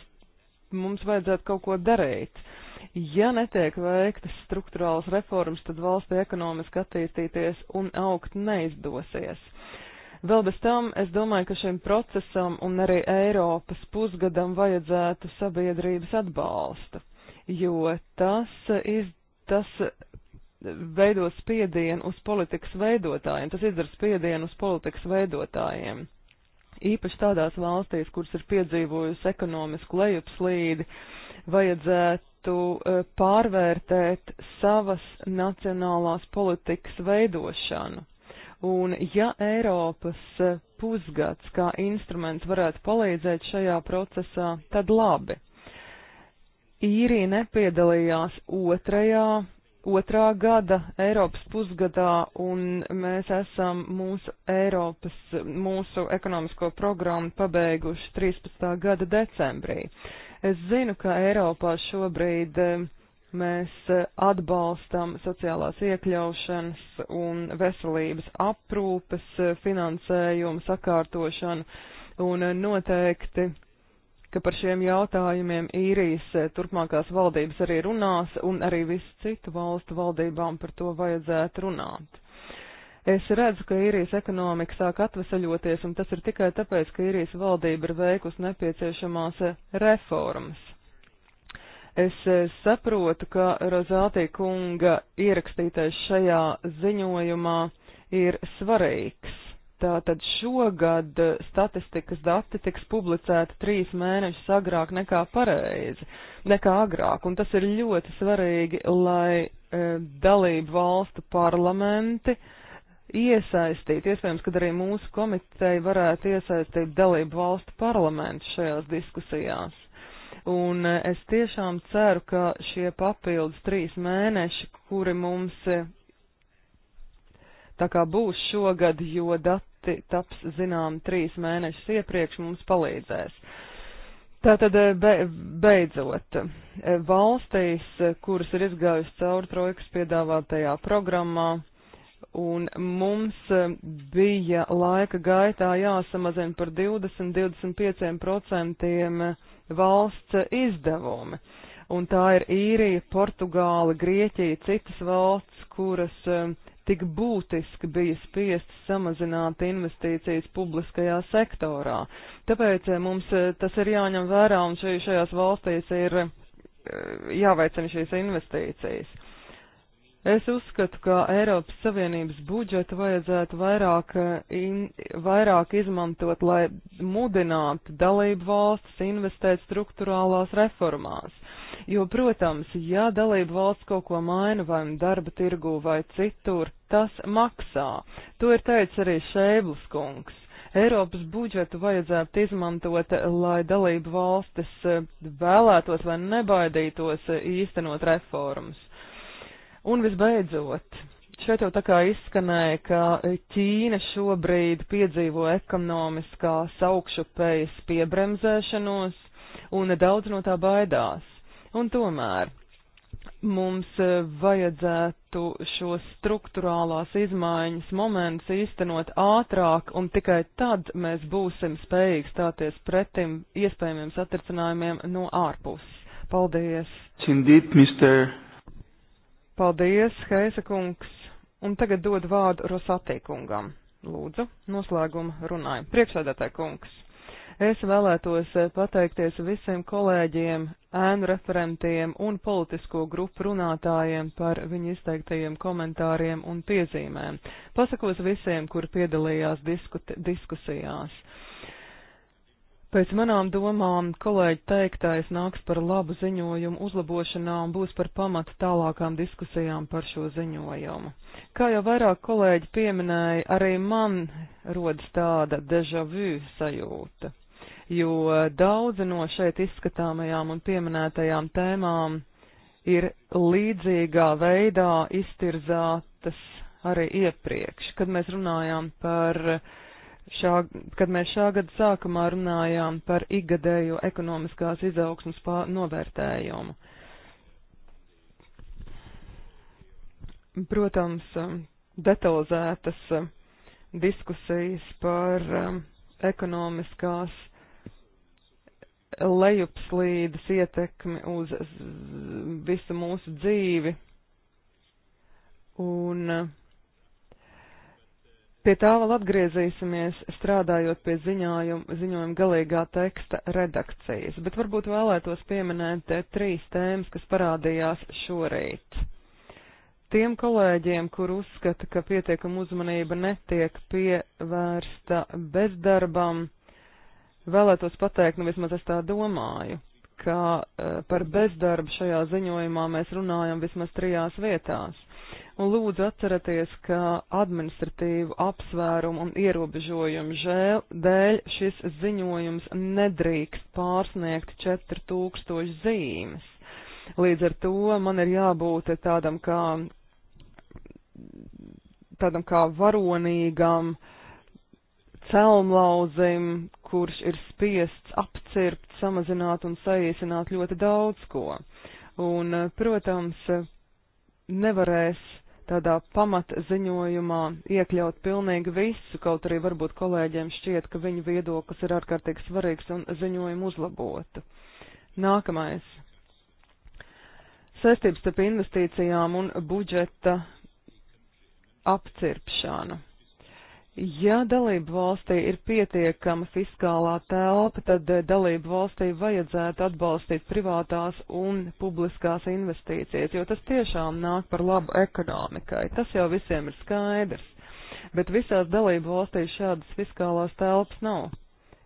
Speaker 3: mums vajadzētu kaut ko darīt. Ja netiek veiktas struktūrāls reformas, tad valstī ekonomiski attīstīties un augt neizdosies. Vēl bez tam es domāju, ka šim procesam un arī Eiropas pusgadam vajadzētu sabiedrības atbalsta, jo tas iz, tas veido spiedienu uz politikas veidotājiem, tas izdara spiedienu uz politikas veidotājiem. Īpaši tādās valstīs, kuras ir piedzīvojusi ekonomisku lejupslīdi, vajadzētu eh, pārvērtēt savas nacionālās politikas veidošanu. Un ja Eiropas eh, pusgads kā instruments varētu palīdzēt šajā procesā, tad labi īrija nepiedalījās otrajā, otrā gada Eiropas pusgadā, un mēs esam mūsu Eiropas, mūsu ekonomisko programmu pabeiguši 13. gada decembrī. Es zinu, ka Eiropā šobrīd eh, mēs eh, atbalstam sociālās iekļaušanas un veselības aprūpes eh, finansējumu sakārtošanu, un noteikti ka par šiem jautājumiem īrijas eh, turpmākās valdības arī runās un arī visu citu valstu valdībām par to vajadzētu runāt. Es redzu, ka īrijas ekonomika sāk atvesaļoties, un tas ir tikai tāpēc, ka īrijas valdība ir veikusi nepieciešamās eh, reformas. Es eh, saprotu, ka Rozātī kunga ierakstītais šajā ziņojumā ir svarīgs. Tātad šogad statistikas dati tiks publicēti trīs mēnešus agrāk nekā pareizi, nekā agrāk, un tas ir ļoti svarīgi, lai e, dalību valstu parlamenti iesaistīt, iespējams, kad arī mūsu komiteja varētu iesaistīt dalību valstu parlamentu šajās diskusijās. Un e, es tiešām ceru, ka šie papildus trīs mēneši, kuri mums e, tā kā būs šogad, jo dati parasti taps zinām trīs mēnešus iepriekš mums palīdzēs. Tātad eh, be, beidzot, eh, valstīs, eh, kuras ir izgājusi cauri trojkas piedāvātajā programmā, un mums bija laika gaitā jāsamazina par 20-25% valsts izdevumi. Un tā ir īrija, Portugāla, Grieķija, citas valsts, kuras tik būtiski bija spiest samazināt investīcijas publiskajā sektorā. Tāpēc eh, mums eh, tas ir jāņem vērā un šajās valstīs ir eh, jāveicina šīs investīcijas. Es uzskatu, ka Eiropas Savienības budžetu vajadzētu vairāk, in, vairāk izmantot, lai mudinātu dalību valstis investēt struktūrālās reformās. Jo, protams, ja dalība valsts kaut ko maina vai nu darba tirgu vai citur, tas maksā. To ir teicis arī Šēblis kungs. Eiropas budžetu vajadzētu izmantot, lai dalību valstis eh, vēlētos vai nebaidītos eh, īstenot reformas. Un visbeidzot, šeit jau tā kā izskanēja, ka Ķīna šobrīd piedzīvo ekonomiskā saukšupējas piebremzēšanos, un daudz no tā baidās. Un tomēr mums e, vajadzētu šos struktūrālās izmaiņas momentus īstenot ātrāk, un tikai tad mēs būsim spējīgi stāties pretim iespējamiem satricinājumiem no ārpuses. Paldies! Indeed, Mr. Paldies, Heisa kungs! Un tagad dod vārdu Rosatī kungam. Lūdzu, noslēguma runājumu. Priekšsēdētāji kungs! Es vēlētos eh, pateikties visiem kolēģiem, ēnu referentiem un politisko grupu runātājiem par viņu izteiktajiem komentāriem un piezīmēm. Pasakos visiem, kur piedalījās diskusijās. Pēc manām domām kolēģi teiktais nāks par labu ziņojumu uzlabošanā un būs par pamatu tālākām diskusijām par šo ziņojumu. Kā jau vairāk kolēģi pieminēja, arī man rodas tāda deja vu sajūta jo daudzi no šeit izskatāmajām un pieminētajām tēmām ir līdzīgā veidā iztirzātas arī iepriekš, kad mēs runājām par šā, kad mēs šā gada sākumā runājām par igadējo ekonomiskās izaugsmas novērtējumu. Protams, detalizētas diskusijas par um, ekonomiskās lejupslīdes ietekmi uz visu mūsu dzīvi. Un pie tā vēl atgriezīsimies, strādājot pie ziņojuma, ziņojuma galīgā teksta redakcijas, bet varbūt vēlētos pieminēt eh, trīs tēmas, kas parādījās šorīt. Tiem kolēģiem, kur uzskata, ka pietiekama uzmanība netiek pievērsta bezdarbam, uh, Vēlētos pateikt, nu vismaz es tā domāju, ka uh, par bezdarbu šajā ziņojumā mēs runājam vismaz trijās vietās. Un lūdzu atcerieties, ka administratīvu apsvērumu un ierobežojumu žēl dēļ šis ziņojums nedrīkst pārsniegt 4000 zīmes. Līdz ar to man ir jābūt tādam kā, tādam kā varonīgam uh, celmlauzim, kurš ir spiests apcirpt, samazināt un saīsināt ļoti daudz ko. Un, eh, protams, nevarēs tādā pamatziņojumā iekļaut pilnīgi visu, kaut arī varbūt kolēģiem šķiet, ka viņu viedoklis ir ārkārtīgi svarīgs un ziņojumu uzlabotu. Nākamais. Sēstības starp investīcijām un budžeta apcirpšanu. Ja dalību valstī ir pietiekama fiskālā telpa, tad eh, dalību valstī vajadzētu atbalstīt privātās un publiskās investīcijas, jo tas tiešām nāk par labu ekonomikai. Tas jau visiem ir skaidrs. Bet visās dalību valstīs šādas fiskālās telpas nav.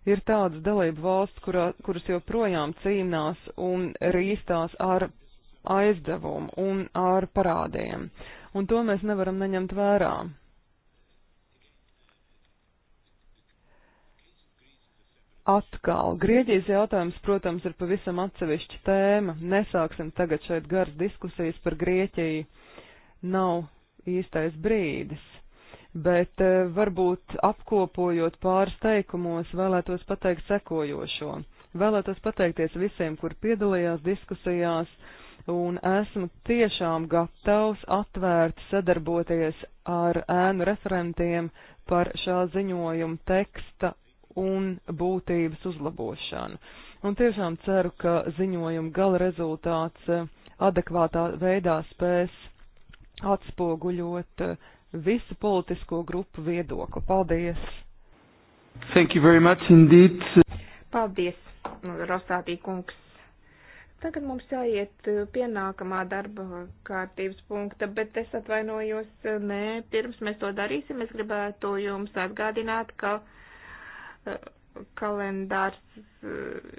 Speaker 3: Ir tādas dalību valsts, kurā, kuras joprojām cīnās un rīstās ar aizdevumu un ar parādiem, un to mēs nevaram neņemt vērā. atkal. Grieķijas jautājums, protams, ir pavisam atsevišķa tēma. Nesāksim tagad šeit garas diskusijas par Grieķiju. Nav īstais brīdis. Bet eh, varbūt apkopojot pāris teikumos, vēlētos pateikt sekojošo. Vēlētos pateikties visiem, kur piedalījās diskusijās, un esmu tiešām gatavs atvērt sadarboties ar ēnu referentiem par šā ziņojuma teksta un būtības uzlabošanu. Un tiešām ceru, ka ziņojuma gala rezultāts eh, adekvātā veidā spēs atspoguļot eh, visu politisko grupu viedokli. Paldies! Thank you very much indeed.
Speaker 1: Paldies, Rosātī kungs. Tagad mums jāiet eh, pie nākamā darba kārtības punkta, bet es atvainojos, nē, pirms mēs to darīsim, es gribētu jums atgādināt, ka kalendārs eh,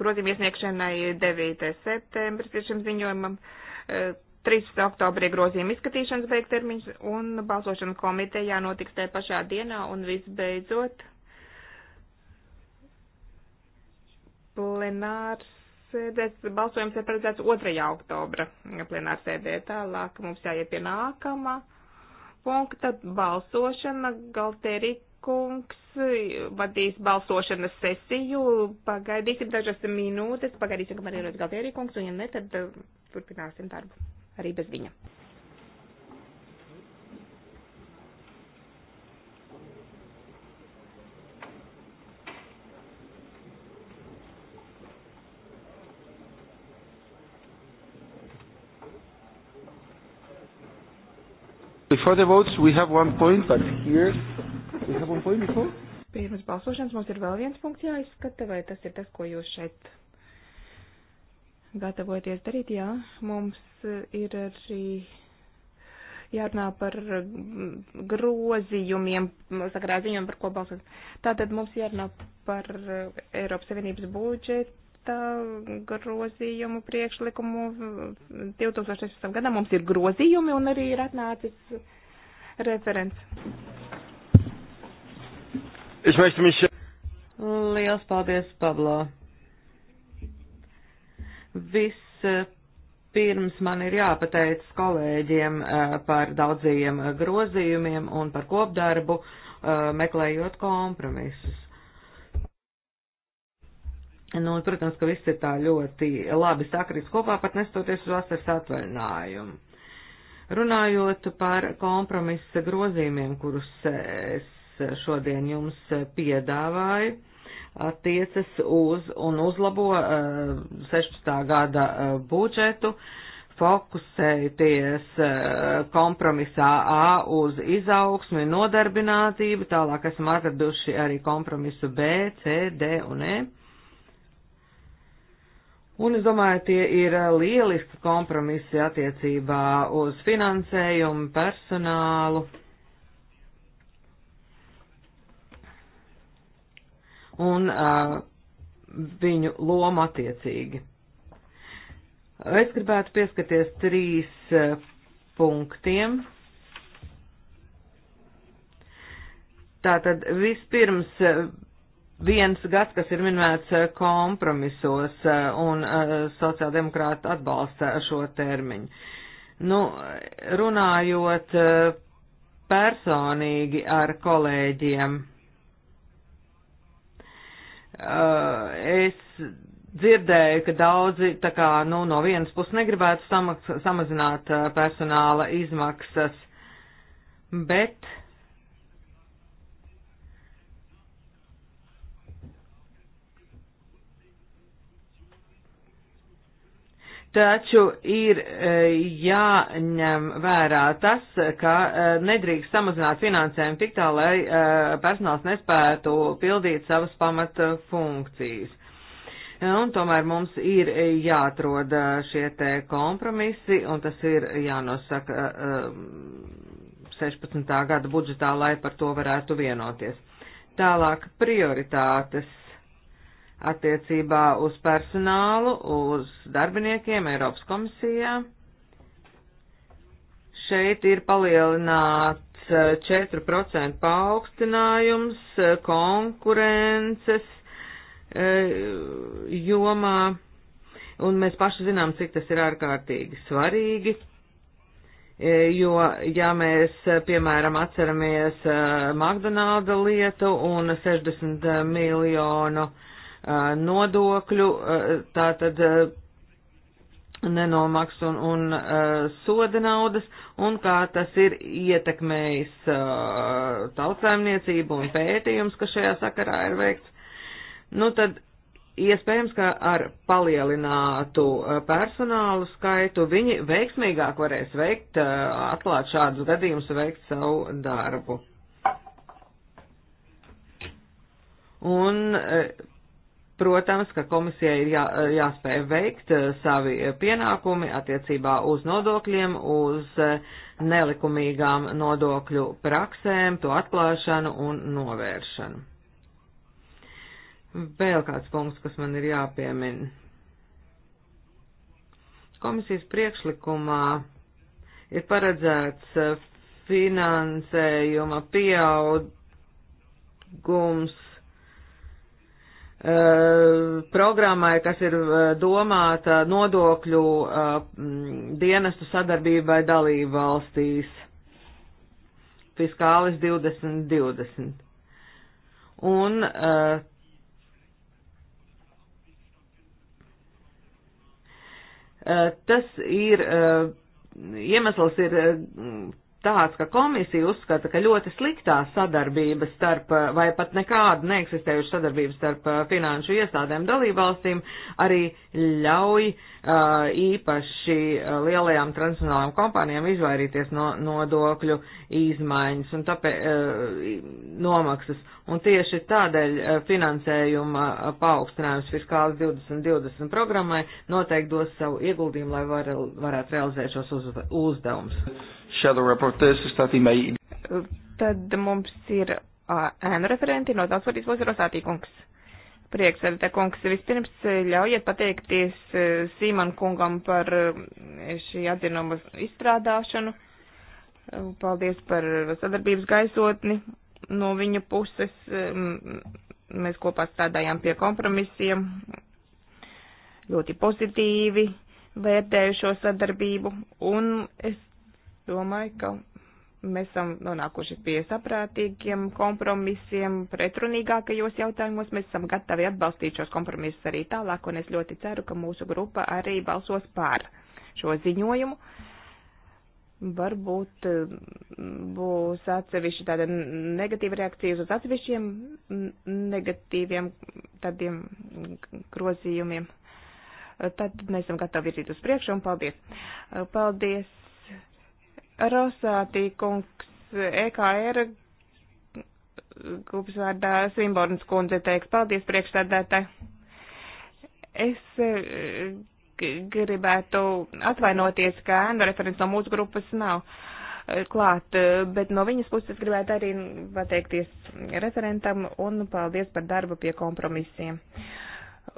Speaker 1: grozījuma iesniegšanai 9. septembris pie šim ziņojumam. 13. Eh, oktobrī grozījuma izskatīšanas beigtermiņš un balsošana komitejā notiks tajā pašā dienā un visbeidzot plenārs sēdēs, balsojums ir paredzēts 2. oktobra plenārs sēdē. Tālāk mums jāiet pie nākamā punkta balsošana Galterīt kungs vadīs balsošanas sesiju. Pagaidīsim dažas minūtes, pagaidīsim, kamēr ierodas Galtieri kungs, un ja ne, tad eh, turpināsim darbu arī bez viņa.
Speaker 3: Before the votes, we have one point, but here We have one point before?
Speaker 1: Pirms balsošanas mums ir vēl viens punkts jāizskata, vai tas ir tas, ko jūs šeit gatavojaties darīt? Jā, mums ir arī jārunā par grozījumiem, sakarā ziņām, par ko balsot. Tātad mums jārunā par Eiropas Savienības budžeta grozījumu priekšlikumu 2016. gadā. Mums ir grozījumi un arī ir atnācis
Speaker 2: referents. Ich möchte mich. Liels paldies, Pablo. Vispirms eh, man ir jāpateic kolēģiem eh, par daudzajiem eh, grozījumiem un par kopdarbu, meklējot kompromisus. Nu, un, protams, ka viss ir tā ļoti labi sakrits kopā, pat nestoties uz vasaras atvaļinājumu. Runājot par kompromisa grozījumiem, kurus es šodien jums piedāvāju, attiecas uz un uzlabo 16. Eh, gada eh, budžetu, fokusēties eh, kompromisā A uz izaugsmi, nodarbinātību, tālāk esam atraduši arī kompromisu B, C, D un E. Un es domāju, tie ir lieliski kompromisi attiecībā uz finansējumu, personālu. un uh, viņu loma attiecīgi. Es gribētu pieskaties trīs uh, punktiem. Tātad vispirms uh, viens gads, kas ir minēts uh, kompromisos, uh, un sociāldemokrāti atbalsta šo termiņu. Nu, runājot personīgi ar kolēģiem, Eh, es dzirdēju, ka daudzi tā kā, nu, no vienas puses negribētu samaks, samazināt eh, personāla izmaksas, bet Taču ir e, jāņem vērā tas, ka e, nedrīkst samazināt finansējumu tik tā, lai e, personāls nespētu pildīt savas pamata funkcijas. Un tomēr mums ir jāatrod šie te kompromisi, un tas ir jānosaka 16. gada budžetā, lai par to varētu vienoties. Tālāk prioritātes attiecībā uz personālu, uz darbiniekiem Eiropas komisijā. Šeit ir palielināts 4% eh, paaugstinājums eh, konkurences eh, jomā, un mēs paši zinām, cik tas ir ārkārtīgi svarīgi, jo, ja mēs, piemēram, atceramies McDonalda lietu un 60 miljonu uh, nodokļu, tātad nenomaks un, un soda naudas, un kā tas ir ietekmējis tautsājumniecību un pētījums, kas šajā sakarā ir veikts. Nu tad iespējams, ka ar palielinātu personālu skaitu viņi veiksmīgāk varēs veikt, atklāt šādus gadījumus, veikt savu darbu. Un Protams, ka komisijai ir jā, jāspēj veikt eh, savi eh, pienākumi attiecībā uz nodokļiem, uz eh, nelikumīgām nodokļu praksēm, to atklāšanu un novēršanu. Vēl kāds punkts, kas man ir jāpiemina. Komisijas priekšlikumā ir paredzēts finansējuma pieaugums Eh, programmai, kas ir eh, domāta nodokļu eh, dienestu sadarbībai dalību valstīs. Fiskālis 2020. Un tas ir, iemesls ir tāds, ka komisija uzskata, ka ļoti sliktā sadarbība starp, eh, vai pat nekāda neeksistējuša sadarbība starp eh, finanšu iestādēm dalībvalstīm arī ļauj uh, īpaši lielajām transnacionālām kompānijām izvairīties no nodokļu izmaiņas un tāpēc nomaksas. Un tieši tādēļ finansējuma paaugstinājums fiskālas 2020 programmai noteikti dos savu ieguldījumu, lai var, varētu realizēt šos uz, uzdevumus.
Speaker 1: Tad mums ir ēnu referenti no Tautas partijas Lozero Sātīkungs. Prieks, Arita kungs. Vispirms eh, ļaujiet pateikties eh, Sīman kungam par eh, šī atzinuma izstrādāšanu. Paldies par sadarbības gaisotni no viņa puses. Mēs kopā strādājām pie kompromisiem. Ļoti pozitīvi vērtēju šo sadarbību. Un es domāju, ka mēs esam nonākuši pie saprātīgiem kompromisiem, pretrunīgākajos jautājumos. Mēs esam gatavi atbalstīt šos kompromisus arī tālāk, un es ļoti ceru, ka mūsu grupa arī balsos pār šo ziņojumu. Varbūt mm, būs atsevišķi tāda negatīva reakcija uz atsevišķiem mm, negatīviem tādiem grozījumiem. Tad mēs esam gatavi virzīt uz priekšu, un paldies! Paldies! Rosātīkungs EKR grupas vārdā Simbornas kundze teiks paldies priekšsēdētāji. Es e, gribētu atvainoties, ka ēnu referents no mūsu grupas nav e, klāt, e, bet no viņas puses gribētu arī pateikties referentam un paldies par darbu pie kompromisiem.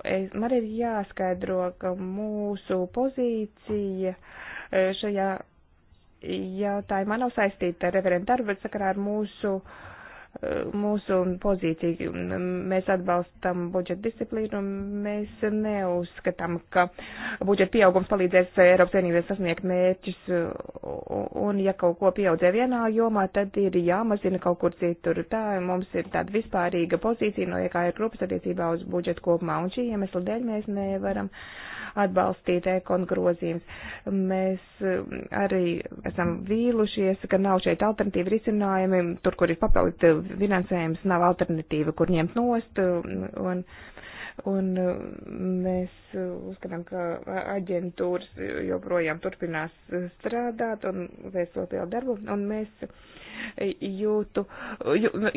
Speaker 1: Es, man ir jāskaidro, ka mūsu pozīcija šajā jautājumā nav saistīta referenta darba, bet sakarā ar mūsu uh, mūsu pozīciju. Mēs atbalstam budžeta disciplīnu, mēs neuzskatām, ka budžeta pieaugums palīdzēs Eiropas Savienības sasniegt mērķus, un ja kaut ko pieaudzē vienā jomā, tad ir jāmazina kaut kur citur. Tā mums ir tāda vispārīga pozīcija no EKR grupas attiecībā uz budžetu kopumā, un šī iemesla dēļ mēs nevaram atbalstīt ekonu grozījums. Mēs um, arī esam vīlušies, ka nav šeit alternatīvi risinājumi, tur, kur ir papildinājumi finansējums nav alternatīva, kur ņemt nost. Un, un mēs uzskatām, ka aģentūras joprojām turpinās strādāt un veikt vēl lielu darbu, un mēs jūtu,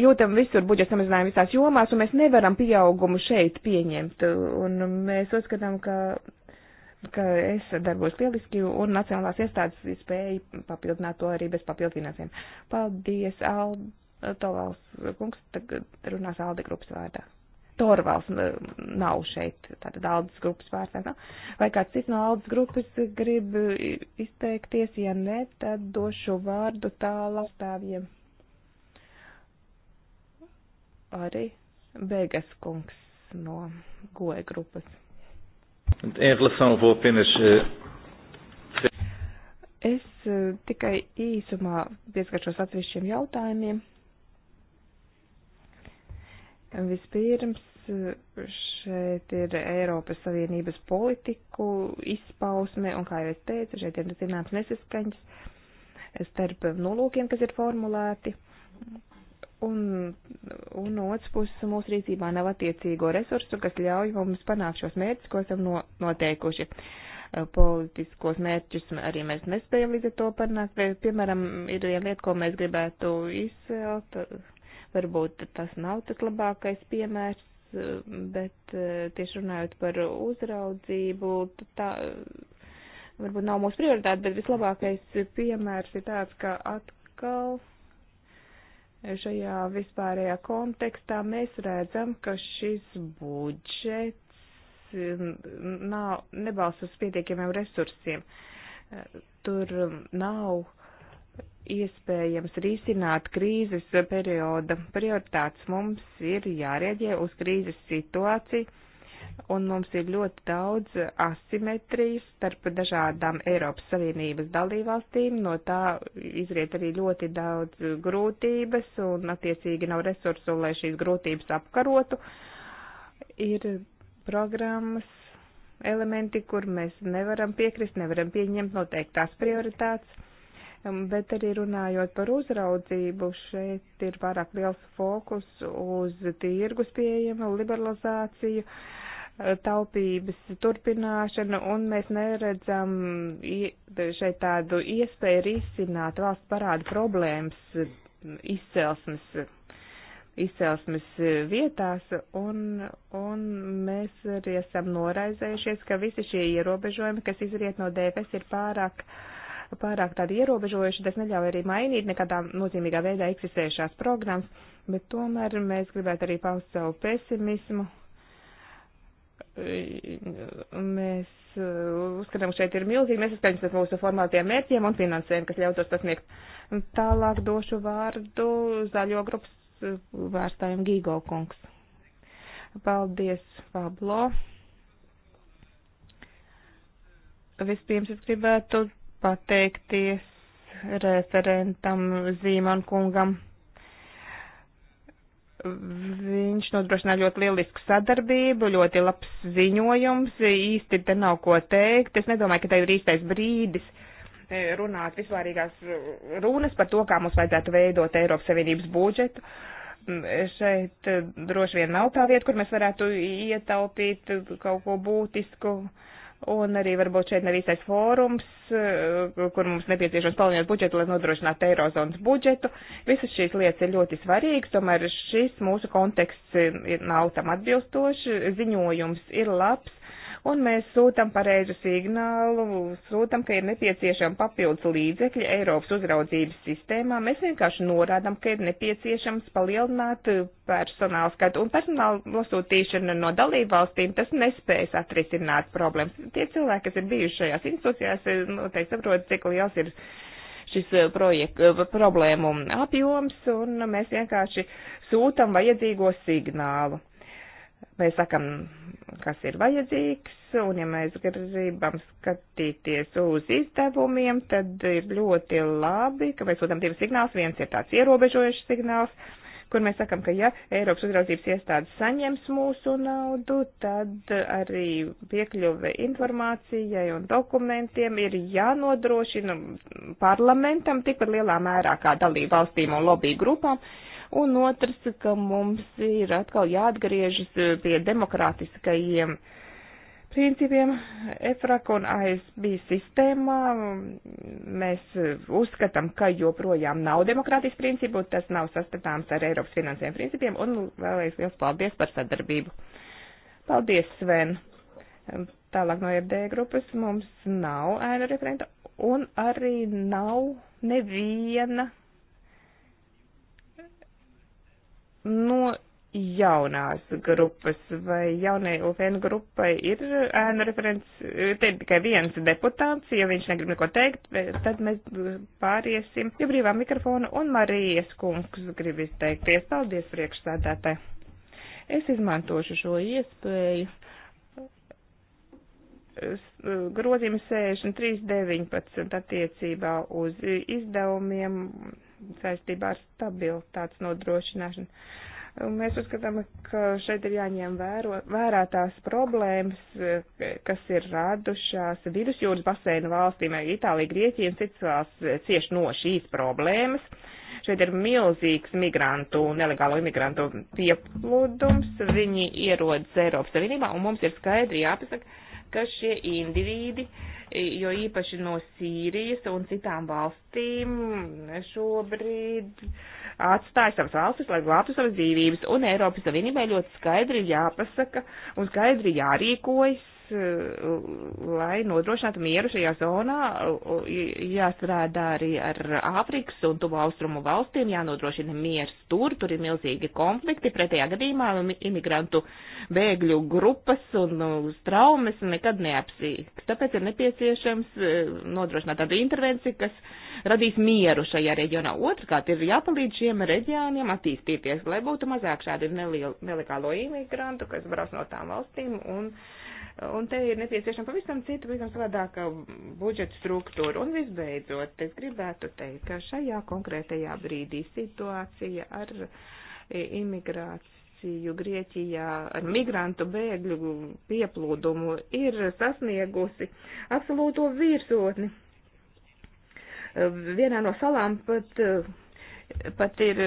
Speaker 1: jūtam visur budžeta samazinājumu visās jomās, un mēs nevaram pieaugumu šeit pieņemt, un mēs uzskatām, ka ka es darbos lieliski un nacionālās iestādes spēju papildināt to arī bez papildinājumu. Paldies, Alba! Tovals eh, kungs tagad runās Alde grupas vārdā. Torvalds eh, nav šeit, tātad Aldas grupas pārstāvs nav. Nu. Vai kāds cits no Aldas grupas grib izteikties, ja ne, tad došu vārdu tālāk stāvjiem. Arī Begas kungs no goja grupas. Eh, es tikai īsumā pieskaršos atsevišķiem jautājumiem. Vispirms eh, šeit ir Eiropas Savienības politiku izpausme, un kā jau es teicu, šeit ir zināms nesaskaņas starp nolūkiem, kas ir formulēti, un, un no otras puses mūsu rīcībā nav attiecīgo resursu, kas ļauj mums panākt šos mērķus, ko esam no, noteikuši. Eh, politiskos mērķus arī mēs nespējam līdz ar to panākt, piemēram, ir viena lieta, ko mēs gribētu izcelt Varbūt tas nav tas labākais piemērs, eh, bet eh, tieši runājot par uzraudzību, tā varbūt nav mūsu prioritāte, bet vislabākais piemērs ir tāds, ka atkal šajā vispārējā kontekstā mēs redzam, ka šis budžets eh, nav, nebalst uz pietiekamiem resursiem. Tur mm, nav iespējams risināt krīzes perioda prioritātes. Mums ir jārēģē uz krīzes situāciju, un mums ir ļoti daudz asimetrijas starp dažādām Eiropas Savienības dalībvalstīm. No tā izriet arī ļoti daudz grūtības, un attiecīgi nav resursu, lai šīs grūtības apkarotu. Ir programmas elementi, kur mēs nevaram piekrist, nevaram pieņemt noteiktās prioritātes Um, bet arī runājot par uzraudzību, šeit ir pārāk liels fokus uz tirgus pieejamu, liberalizāciju, uh, taupības turpināšanu, un mēs neredzam šeit tādu iespēju risināt valsts parādu problēmas uh, izcelsmes izcelsmes uh, vietās, un, un mēs arī esam noraizējušies, ka visi šie ierobežojumi, kas izriet no DFS, ir pārāk uh, pārāk tādi ierobežojuši, tas neļauj arī mainīt nekādā nozīmīgā veidā eksistējušās programmas, bet tomēr mēs gribētu arī paust savu pesimismu. Mēs uh, uzskatām, šeit ir milzīgi nesaskaņas ar mūsu formātiem mērķiem un finansēm, kas ļautos sasniegt. Tālāk došu vārdu zaļo grupas uh, vērstājiem Gīgo kungs. Paldies, Pablo. Vispirms es gribētu pateikties referentam Zīman kungam. Viņš nodrošināja ļoti lielisku sadarbību, ļoti labs ziņojums, īsti te nav ko teikt. Es nedomāju, ka te ir īstais brīdis eh, runāt vispārīgās runas par to, kā mums vajadzētu veidot Eiropas Savienības budžetu. Mm, šeit eh, droši vien nav tā vieta, kur mēs varētu ietaupīt kaut ko būtisku. Uh, Un arī varbūt šeit nav īstais fórums, eh, kur mums nepieciešams palielināt budžetu, lai nodrošinātu eirozonas budžetu. Visas šīs lietas ir ļoti svarīgas, tomēr šis mūsu konteksts nav tam atbilstošs. Ziņojums ir labs, un mēs sūtam pareizu signālu, sūtam, ka ir nepieciešama papildus līdzekļi Eiropas uzraudzības sistēmā. Mēs vienkārši norādām, ka ir nepieciešams palielināt personāla skatu, un personāla nosūtīšana no dalībvalstīm tas nespējas atrisināt problēmas. Tie cilvēki, kas ir bijuši šajās institūcijās, noteikti saprot, cik liels ir šis eh, projekt, eh, problēmu apjoms, un mēs vienkārši sūtam vajadzīgo signālu. Mēs sakam, kas ir vajadzīgs, un ja mēs gribam skatīties uz izdevumiem, tad ir ļoti labi, ka mēs sūtām divus signālus. Viens ir tāds ierobežojošs signāls, kur mēs sakam, ka ja Eiropas uzraudzības iestādes saņems mūsu naudu, tad arī piekļuve informācijai un dokumentiem ir jānodrošina parlamentam tikpat lielā mērā kā dalību valstīm un lobby grupām un otrs, ka mums ir atkal jāatgriežas eh, pie demokrātiskajiem principiem EFRAK un ASB sistēmā. Mm, mēs eh, uzskatām, ka joprojām nav demokrātijas principu, tas nav sastatāms ar Eiropas finansējiem principiem, un vēlreiz liels paldies par sadarbību. Paldies, Sven! Tālāk no FD grupas mums nav ēna referenta, un arī nav neviena no jaunās grupas, vai jaunai UFN grupai ir ēnu referents, te ir tikai viens deputāts, ja viņš negrib neko teikt, tad mēs pāriesim pie brīvā mikrofona, un Marijas kungs grib izteikties. Paldies priekšsēdētāji. Es izmantošu šo iespēju. Grozījums 63.19 attiecībā uz izdevumiem saistībā ar stabilitātes nodrošināšanu. Mēs uzskatām, ka šeit ir jāņem vēro, vērā tās problēmas, eh, kas ir radušās vidusjūras basēnu valstīm, eh, Itālija, Grieķija un citas valsts eh, cieši no šīs problēmas. Šeit ir milzīgs migrantu, nelegālo imigrantu pieplūdums. Viņi ierodas Eiropas Savienībā un mums ir skaidri jāpasaka, ka šie indivīdi uh, jo īpaši no Sīrijas un citām valstīm šobrīd atstāja savas valstis, lai glābtu savas dzīvības. Un Eiropas Savienībai ļoti skaidri jāpasaka un skaidri jārīkojas Uh, lai nodrošinātu mieru šajā zonā, uh, uh, jāstrādā arī ar Āfrikas un Tuvu Austrumu valstīm, jānodrošina miers tur, tur ir milzīgi konflikti, pretējā gadījumā imigrantu bēgļu grupas un traumas nekad neapsīks. Tāpēc ir nepieciešams nodrošināt tādu intervenciju, kas radīs mieru šajā reģionā. Otrkārt, ir jāpalīdz šiem reģioniem attīstīties, lai būtu mazāk šādu nelegālo imigrantu, kas brauc no tām valstīm un uh, Un te ir nepieciešama pavisam cita, pavisam savādāka budžeta struktūra. Un visbeidzot, es gribētu teikt, ka šajā konkrētajā brīdī situācija ar imigrāciju Grieķijā, ar migrantu bēgļu pieplūdumu ir sasniegusi absolūto virsotni. Vienā no salām pat pat ir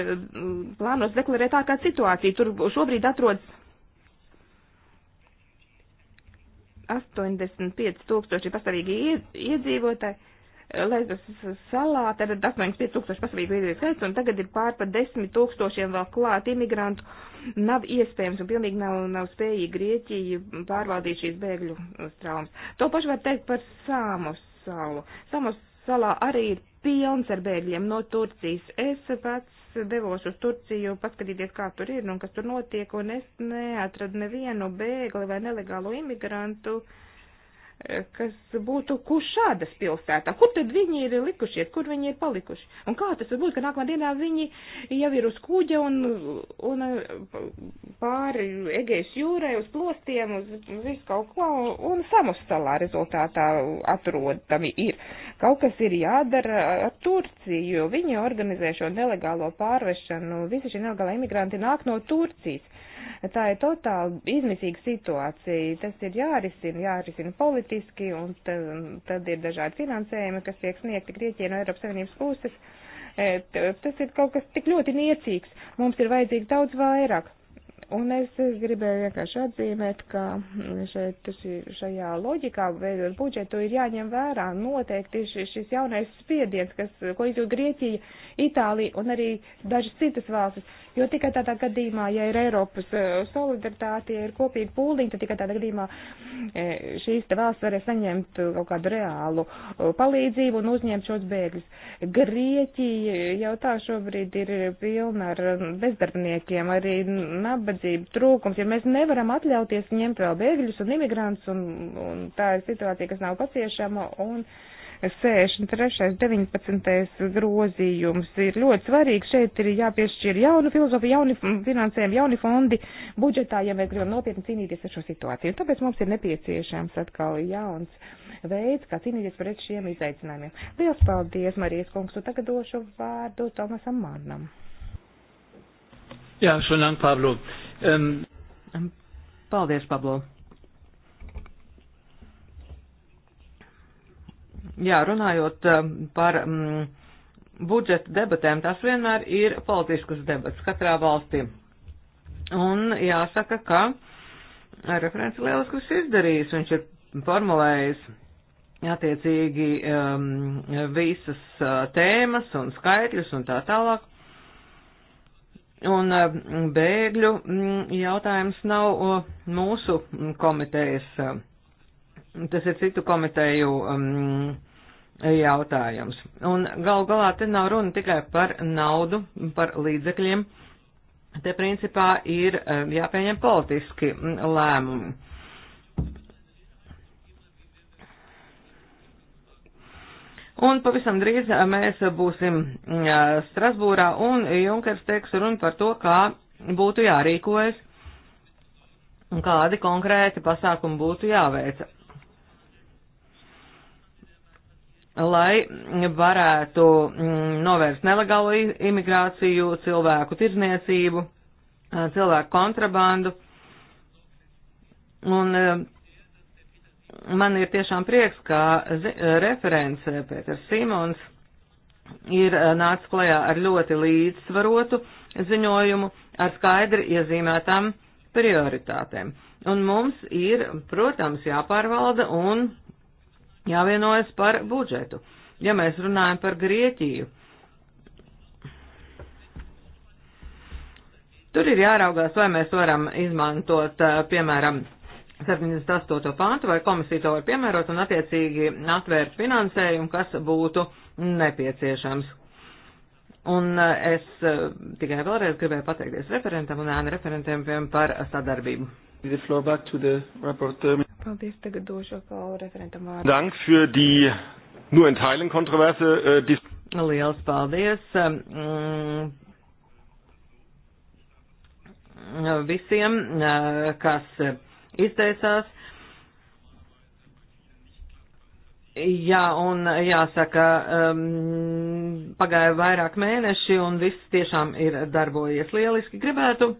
Speaker 1: plānos deklarēt ārkārtas situāciju. Tur šobrīd atrodas 85 tūkstoši pastāvīgi iedzīvotāji. Lezbas salā, tad 85 tūkstoši pasaules iedzīvotāju skaits, un tagad ir pār pa 10 tūkstošiem vēl klāt imigrantu. Nav iespējams un pilnīgi nav, nav spējīgi Grieķija pārvaldīt šīs bēgļu traumas. To pašu var teikt par Sāmu salu. Samos salā arī ir pilns ar bēgļiem no Turcijas. Es pats devos uz Turciju paskatīties, kā tur ir un kas tur notiek, un es neatradu nevienu bēgli vai nelegālu imigrantu. Uh, kas būtu kur šādas pilsētā, kur tad viņi ir likušies, kur viņi ir palikuši. Un kā tas var būt, ka nākamā dienā viņi jau ir uz kuģa un, un uh, pāri Egejas jūrai, uz plostiem, uz visu kaut ko, un samustalā rezultātā atrodami ir. Kaut kas ir jādara ar Turciju, jo viņi organizē šo nelegālo pārvešanu, visi šie nelegālai imigranti nāk no Turcijas Tā ir totāli izmisīga situācija. Tas ir jārisina, jārisina politiski, un tad ir dažādi finansējumi, kas tiek sniegti Grieķijai no Eiropas Savienības puses. E, tas ir kaut kas tik ļoti niecīgs. Mums ir vajadzīgs daudz vairāk. Un es gribēju vienkārši atzīmēt, ka šeit, šajā loģikā veidot budžetu ir jāņem vērā noteikti šis jaunais spiediens, kas, ko izjūt Grieķija, Itālija un arī dažas citas valstis. Jo tikai tādā gadījumā, ja ir Eiropas eh, solidaritāte, ja ir kopīgi pūliņi, tad tikai tādā gadījumā eh, šīs te valsts varēs saņemt kaut kādu reālu eh, palīdzību un uzņemt šos bēgļus. Grieķija jau tā šobrīd ir pilna ar bezdarbniekiem, arī nabad palīdzību trūkums, ja mēs nevaram atļauties ņemt vēl bēgļus un imigrantus, un, un tā ir situācija, kas nav paciešama, un 63. 19. grozījums ir ļoti svarīgs. Šeit ir jāpiešķir jaunu filozofu, jauni finansējumi, jauni fondi budžetā, ja mēs gribam nopietni cīnīties ar šo situāciju. Un tāpēc mums ir nepieciešams atkal jauns veids, kā cīnīties pret šiem izaicinājumiem. Lielas paldies, Marijas kungs, un tagad došu vārdu Tomasam Mārnam.
Speaker 2: Jā, šodien, Pablo. Um, um. Paldies, Pablo. Jā, runājot um, par mm, budžeta debatēm, tas vienmēr ir politiskas debats katrā valstī. Un jāsaka, ka referents lieliski ir izdarījis, viņš ir formulējis attiecīgi um, visas uh, tēmas un skaitļus un tā tālāk. Un eh, bēgļu mm, jautājums nav eh, mūsu komitejas, eh, tas ir citu komiteju mm, jautājums. Un gal galā te nav runa tikai par naudu, par līdzekļiem. Te principā ir jāpieņem politiski mm, lēmumi. Un pavisam drīz mēs būsim Strasbūrā un Junkers teiks runu par to, kā būtu jārīkojas un kādi konkrēti pasākumi būtu jāveica. Lai varētu mm, novērst nelegālo imigrāciju, cilvēku tirzniecību, cilvēku kontrabandu. Un man ir tiešām prieks, ka eh, referents eh, Pēters Simons ir eh, nācis klajā ar ļoti līdzsvarotu ziņojumu ar skaidri iezīmētām prioritātēm. Un mums ir, protams, jāpārvalda un jāvienojas par budžetu. Ja mēs runājam par Grieķiju, tur ir jāraugās, vai mēs varam izmantot, piemēram, 78. pāntu, vai komisija to var piemērot un attiecīgi atvērt finansējumu, kas būtu nepieciešams. Un eh, es eh, tikai vēlreiz gribēju pateikties referentam un ēnu referentiem par sadarbību.
Speaker 1: Paldies, tagad došu vēl referentam vārdu.
Speaker 2: Dank für die nur in Teilen kontroverse uh, Liels paldies. Ähm, mm, visiem, äh, kas iztaisās. Jā, un jāsaka, um, pagāja vairāk mēneši un viss tiešām ir darbojies lieliski. Gribētu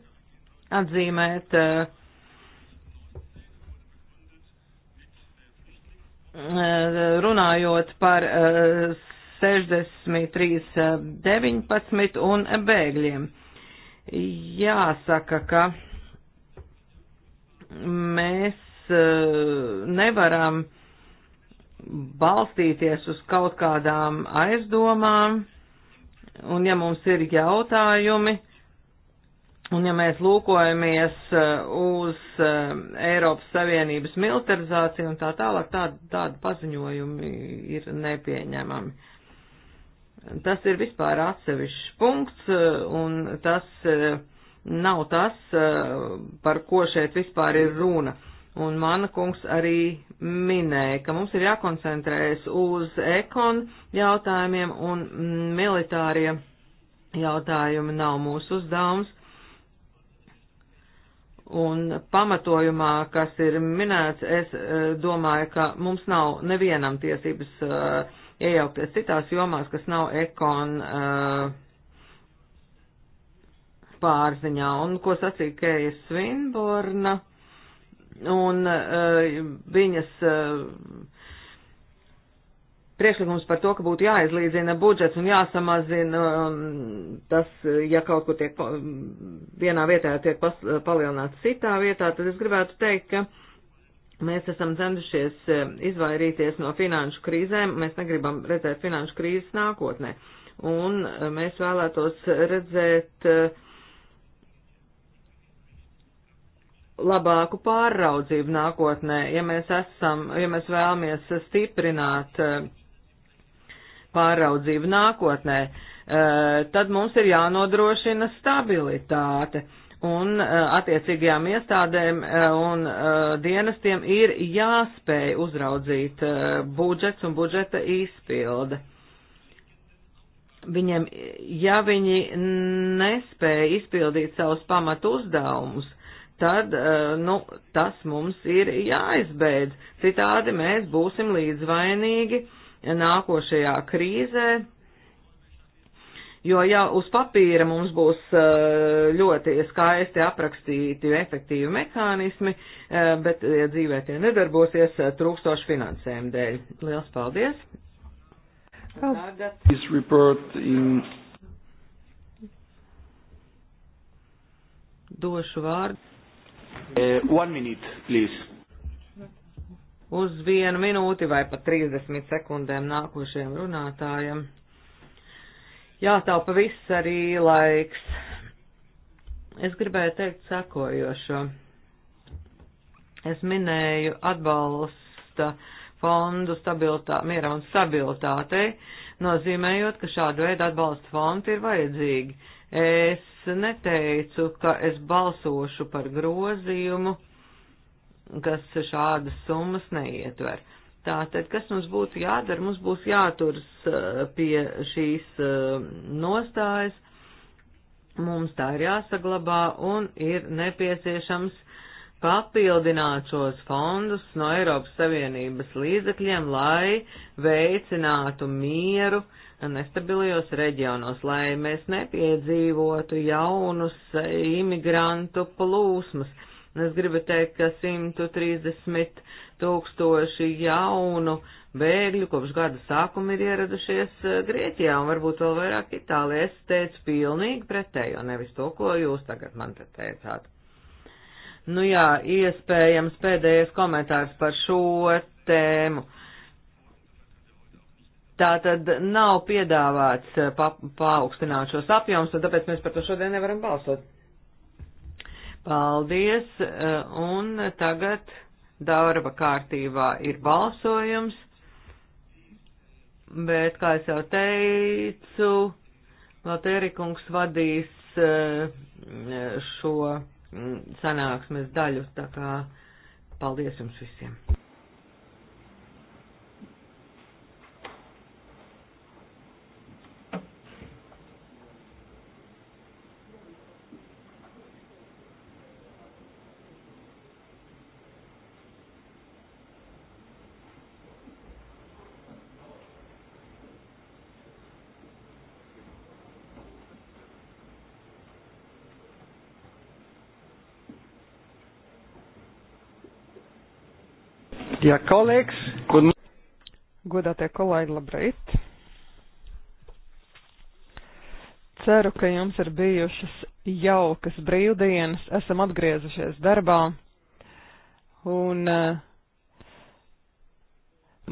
Speaker 2: atzīmēt uh, runājot par uh, 63, 19 uh, un bēgļiem. Jāsaka, ka mēs eh, nevaram balstīties uz kaut kādām aizdomām, un ja mums ir jautājumi, un ja mēs lūkojamies eh, uz eh, Eiropas Savienības militarizāciju un tā tālāk, tādi, tādi paziņojumi ir nepieņemami. Tas ir vispār atsevišķs punkts, un tas uh, nav tas, eh, par ko šeit vispār ir runa. Un mana kungs arī minēja, ka mums ir jākoncentrējas uz ekon jautājumiem un militārie jautājumi nav mūsu uzdevums. Un pamatojumā, kas ir minēts, es eh, domāju, ka mums nav nevienam tiesības uh, iejaukties citās jomās, kas nav ekon uh, pārziņā. Un ko sacīja Kēja Svinborna un uh, viņas. Uh, priekšlikums par to, ka būtu jāizlīdzina budžets un jāsamazina um, tas, ja kaut kur tiek vienā vietā tiek pas, palielināts citā vietā, tad es gribētu teikt, ka mēs esam centušies eh, izvairīties no finanšu krīzēm, mēs negribam redzēt finanšu krīzes nākotnē. Un mēs vēlētos redzēt uh, labāku pārraudzību nākotnē, ja mēs esam, ja mēs vēlamies stiprināt eh, pāraudzību nākotnē, eh, tad mums ir jānodrošina stabilitāte. Un eh, attiecīgajām iestādēm un dienestiem ir jāspēj uzraudzīt budžets un budžeta izpilde. Viņiem, ja viņi nespēja izpildīt savus pamatu uzdevumus, tad, eh, nu, tas mums ir jāizbeidz. Citādi mēs būsim līdzvainīgi nākošajā krīzē, jo ja uz papīra mums būs eh, ļoti skaisti aprakstīti efektīvi mehānismi, eh, bet ja dzīvē tie nedarbosies trūkstoši finansējumu dēļ. Liels paldies! Tagad došu vārdu. Eh, one minute, please. Uz vienu minūti vai pat 30 sekundēm nākošajam runātājam. Jātaupa viss arī laiks. Es gribēju teikt sakojošo. Es minēju atbalsta fondu stabilitā, miera un stabilitātei, nozīmējot, ka šāda veida atbalsta fondi ir vajadzīgi. Es neteicu, ka es balsošu par grozījumu, kas šādas summas neietver. Tātad, kas mums būtu jādara? Mums būs jāturas eh, pie šīs eh, nostājas, mums tā ir jāsaglabā un ir nepieciešams papildināt šos fondus no Eiropas Savienības līdzekļiem, lai veicinātu mieru, uh, nestabilijos reģionos, lai mēs nepiedzīvotu jaunus imigrantu plūsmas. Es gribu teikt, ka 130 tūkstoši jaunu bēgļu kopš gada sākuma ir ieradušies eh, Grieķijā un varbūt vēl vairāk Itālijā. Es teicu pilnīgi pretējo, nevis to, ko jūs tagad man te teicāt. Nu jā, iespējams pēdējais komentārs par šo tēmu. Uh, Tātad nav piedāvāts eh, pa, paaugstināt šos apjomus, un tāpēc mēs par to šodien nevaram balsot. Paldies, eh, un tagad darba kārtībā ir balsojums, bet, kā es jau teicu, Valtērikungs vadīs eh, šo mm, sanāksmes daļu, tā kā paldies jums visiem.
Speaker 3: Ja kolēģis, kur... Nu- Godātie kolēģi, labrīt! Ceru, ka jums ir bijušas jaukas brīvdienas, esam atgriezušies darbā un uh,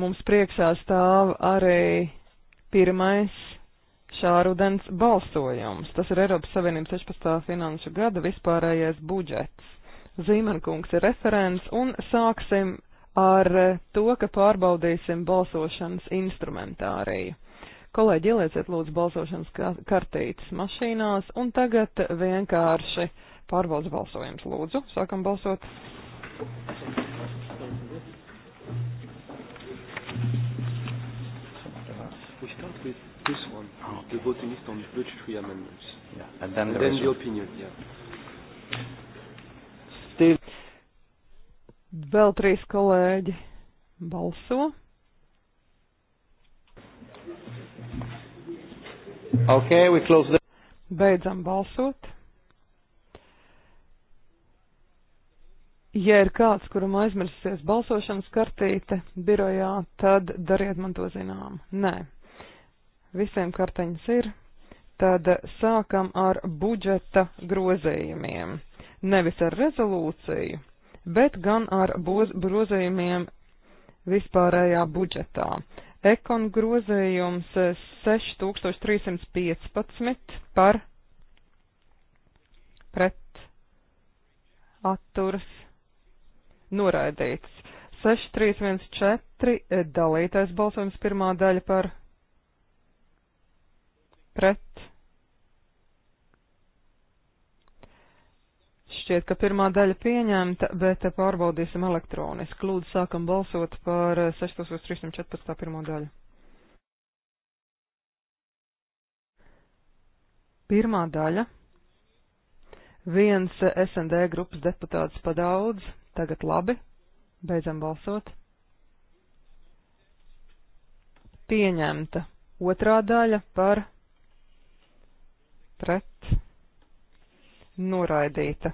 Speaker 3: mums priekšā stāv arī pirmais šā rudens balsojums. Tas ir Eiropas Savienības 16. finanšu gada vispārējais budžets. Zīmenkungs ir referents un sāksim ar eh, to, ka pārbaudīsim balsošanas instrumentāriju. Kolēģi, ielieciet lūdzu balsošanas kartītes mašīnās, un tagad vienkārši pārbaudas balsojums. Lūdzu, sākam balsot. We start with this one, oh. the voting list on budgetary amendments. Yeah, and then and the, then result. the opinion. Yeah. Vēl trīs kolēģi balso. Okay, we close the... Beidzam balsot. Ja ir kāds, kuram aizmirsusies balsošanas kartīte birojā, tad dariet man to zinām. Nē, visiem karteņas ir. Tad sākam ar budžeta grozījumiem, nevis ar rezolūciju, bet gan ar boz, grozējumiem vispārējā budžetā. Ekon grozējums 6315 eh, par pret atturas noraidīts. 6314 eh, dalītais balsojums pirmā daļa par pret šķiet, ka pirmā daļa pieņemta, bet pārbaudīsim elektroniski. Lūdzu, sākam balsot par 6314. Eh, pirmo daļu. Pirmā daļa. Viens eh, SND grupas deputāts pa daudz. Tagad labi. Beidzam balsot. Pieņemta. Otrā daļa par pret noraidīta.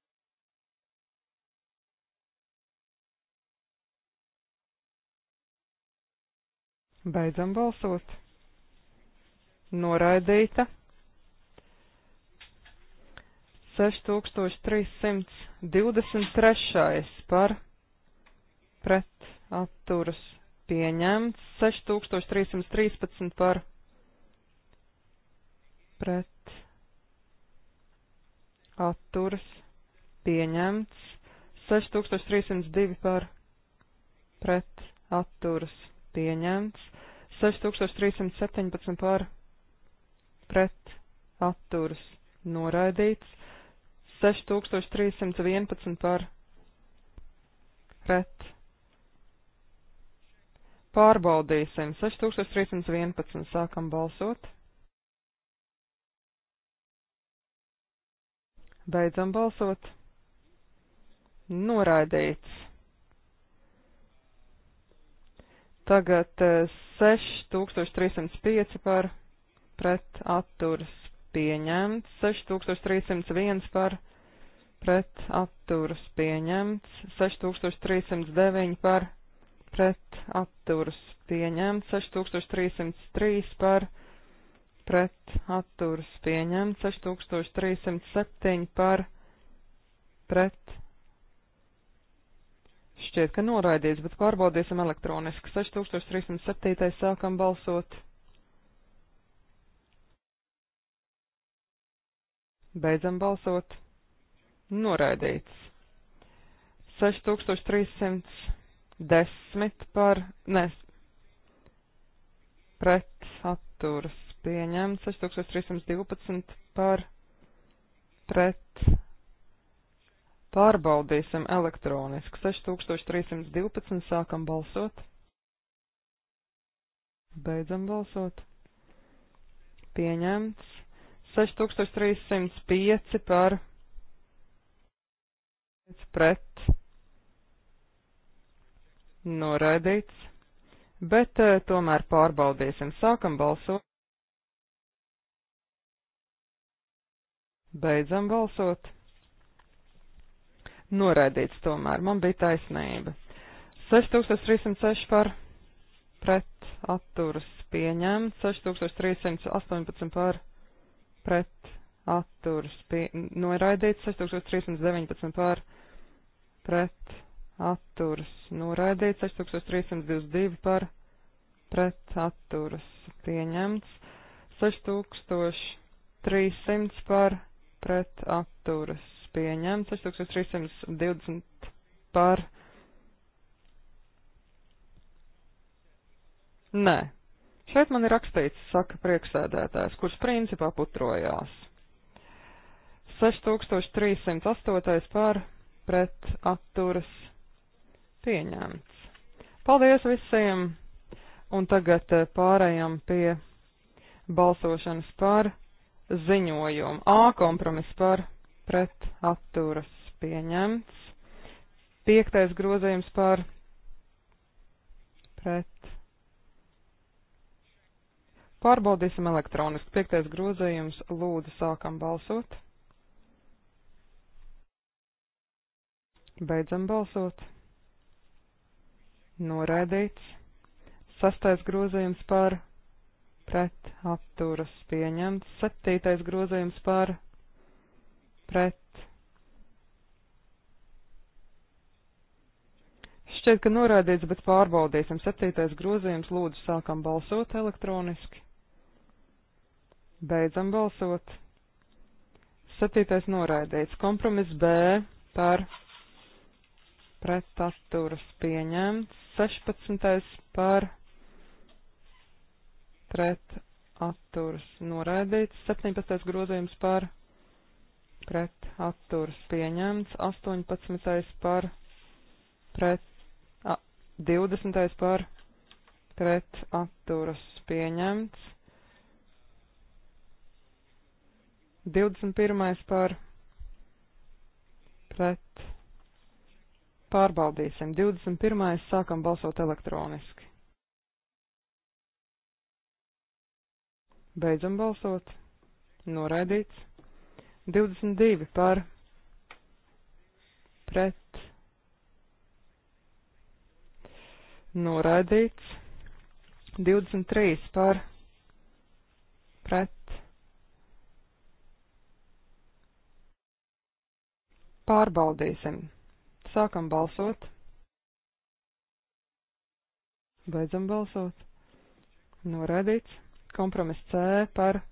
Speaker 3: Beidzam balsot. Noraidīta. 6323 par pret atturas pieņemts, 6313 par pret atturas pieņemts, 6302 par pret atturas pieņemts, 6317 par pret atturas noraidīts, 6311 par pret. Pārbaudīsim, 6311 sākam balsot. Beidzam balsot. Noraidīts. Tagad eh, 6305 par pret atturas pieņemts, 6301 par pret atturas pieņemts, 6309 par pret atturas pieņemts, 6303 par pret atturas pieņemts, 6307 par pret Šķiet, ka noraidīts, bet pārbaudīsim elektroniski. 6307. sākam balsot. Beidzam balsot. Noraidīts. 6310 par, ne, pret atturas pieņemts, 6312 par, pret Pārbaudīsim elektroniski. 6312 sākam balsot. Beidzam balsot. Pieņemts. 6305 par pret noraidīts, bet eh, tomēr pārbaudīsim. Sākam balsot. Beidzam balsot. Noraidīts tomēr, man bija taisnība. 6306 par pret atturas pieņemts, 6318 par pret atturas pie, noraidīts, 6319 par pret atturas noraidīts, 6322 par pret atturas pieņemts, 6300 par pret atturas pieņemts, 6320 par. Nē, šeit man ir rakstīts, saka prieksēdētājs, kurš principā putrojās. 6308 par pret atturas pieņemts. Paldies visiem! Un tagad eh, pārējām pie balsošanas par ziņojumu. A kompromiss par pret atturas pieņemts. Piektais grozījums par pret. Pārbaudīsim elektroniski. Piektais grozījums lūdzu sākam balsot. Beidzam balsot. Noraidīts. Sastais grozījums par pret atturas pieņemts. Septītais grozījums par pret pret. Šķiet, ka norādīts, bet pārbaudīsim. Septītais grozījums lūdzu sākam balsot elektroniski. Beidzam balsot. Septītais noraidīts. Kompromiss B par pretaturas pieņemts. 16. par pretaturas noraidīts. 17. grozījums par pret atturas pieņemts, 18. par pret, a, 20. par pret atturas pieņemts, 21. par pret pārbaudīsim, 21. sākam balsot elektroniski. Beidzam balsot. Noraidīts. 22 par pret noraidīts, 23 par pret pārbaudīsim. Sākam balsot. Beidzam balsot. Noraidīts. Kompromiss C par pret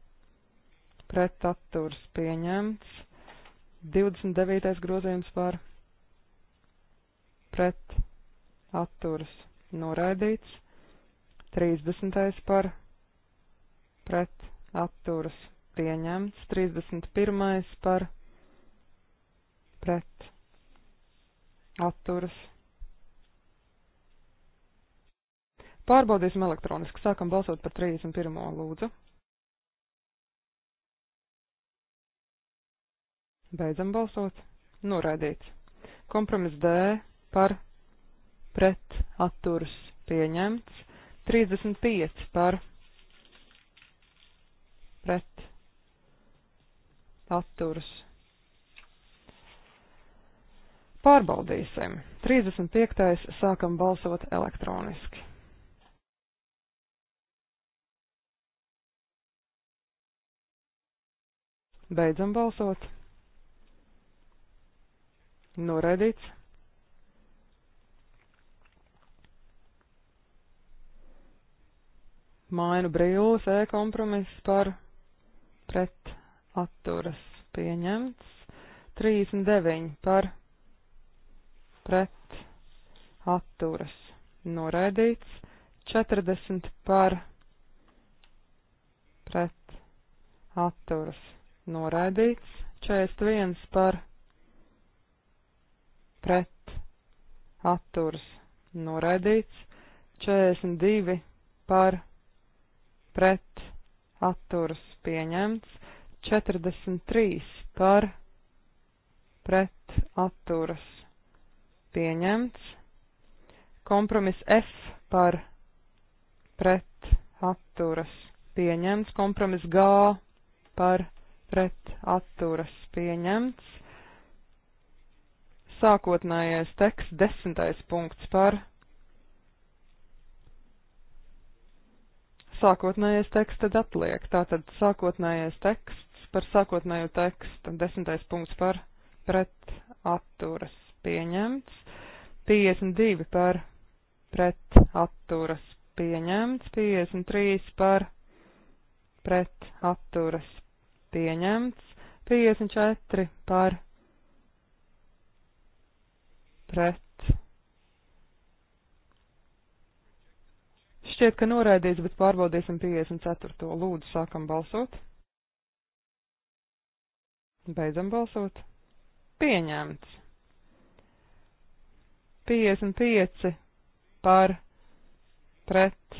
Speaker 3: pret atturs pieņemts, 29. grozījums par pret atturs noraidīts, 30. par pret atturs pieņemts, 31. par pret atturs. Pārbaudīsim elektroniski. Sākam balsot par 31. lūdzu. Beidzam balsot. Noraidīts. Kompromiss D par pret atturs pieņemts. 35 par pret atturs. Pārbaudīsim. 35. sākam balsot elektroniski. Beidzam balsot. Noraidīts. Mainu brīvus, e-kompromiss par pret atturas pieņemts. 39 par pret atturas noraidīts. 40 par pret atturas noraidīts. 41 par pret atturas noraidīts, 42 par pret atturas pieņemts, 43 par pret atturas pieņemts, kompromiss F par pret atturas pieņemts, kompromiss G par pret atturas pieņemts, sākotnējais teksts, desmitais punkts par sākotnējais teksts tad atliek. Tātad sākotnējais teksts par sākotnējo tekstu, desmitais punkts par pret atturas pieņemts, 52 par pret atturas pieņemts, 53 par pret atturas pieņemts, 54 par pret. Šķiet, ka noraidīts, bet pārbaudīsim 54. Lūdzu, sākam balsot. Beidzam balsot. Pieņemts. 55 par pret.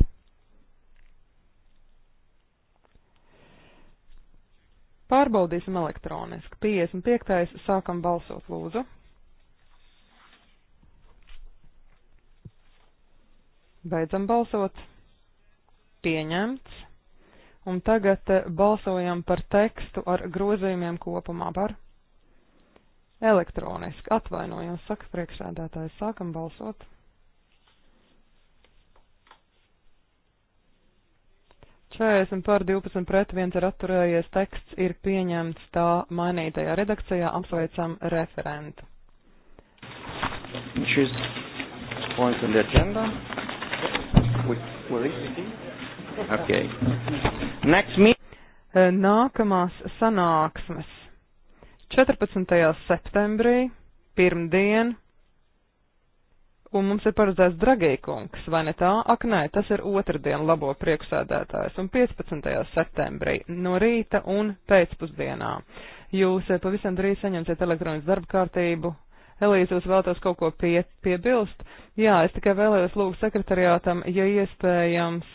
Speaker 3: Pārbaudīsim elektroniski. 55. sākam balsot lūdzu. Beidzam balsot. Pieņemts. Un tagad eh, balsojam par tekstu ar grozījumiem kopumā par elektroniski. Atvainojos, saka priekšsēdētājs, sākam balsot. Četrdesmit pār 12 pret viens ir atturējies, teksts ir pieņemts tā mainītajā redakcijā, apsveicam referentu. Šis points
Speaker 1: on the agenda. Okay.
Speaker 3: Eh, nākamās sanāksmes 14. septembrī, pirmdien, un mums ir paredzēts Dragīkungs, vai ne tā? Ak, nē, tas ir otrdien labo priekšsēdētājs, un 15. septembrī no rīta un pēcpusdienā. Jūs eh, pavisam drīz saņemsiet elektronisku darba kārtību Elīze, jūs vēlaties kaut ko pie, piebilst? Jā, es tikai vēlējos lūgt sekretariātam, ja iespējams.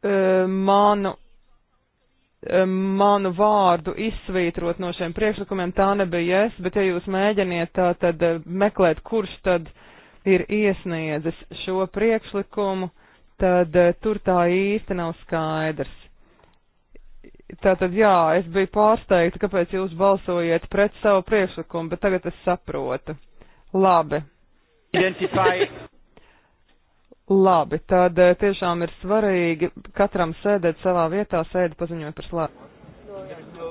Speaker 3: Uh, manu, eh, manu vārdu izsvītrot no šiem priekšlikumiem, tā nebija es, bet ja jūs mēģiniet tā tad meklēt, kurš tad ir iesniedzis šo priekšlikumu, tad tur tā īsti nav skaidrs. Tātad, jā, es biju pārsteigta, kāpēc jūs balsojiet pret savu priekšlikumu, bet tagad es saprotu. Labi. Identify. Labi, tad eh, tiešām ir svarīgi katram sēdēt savā vietā, sēdi paziņot par
Speaker 2: slēpumu.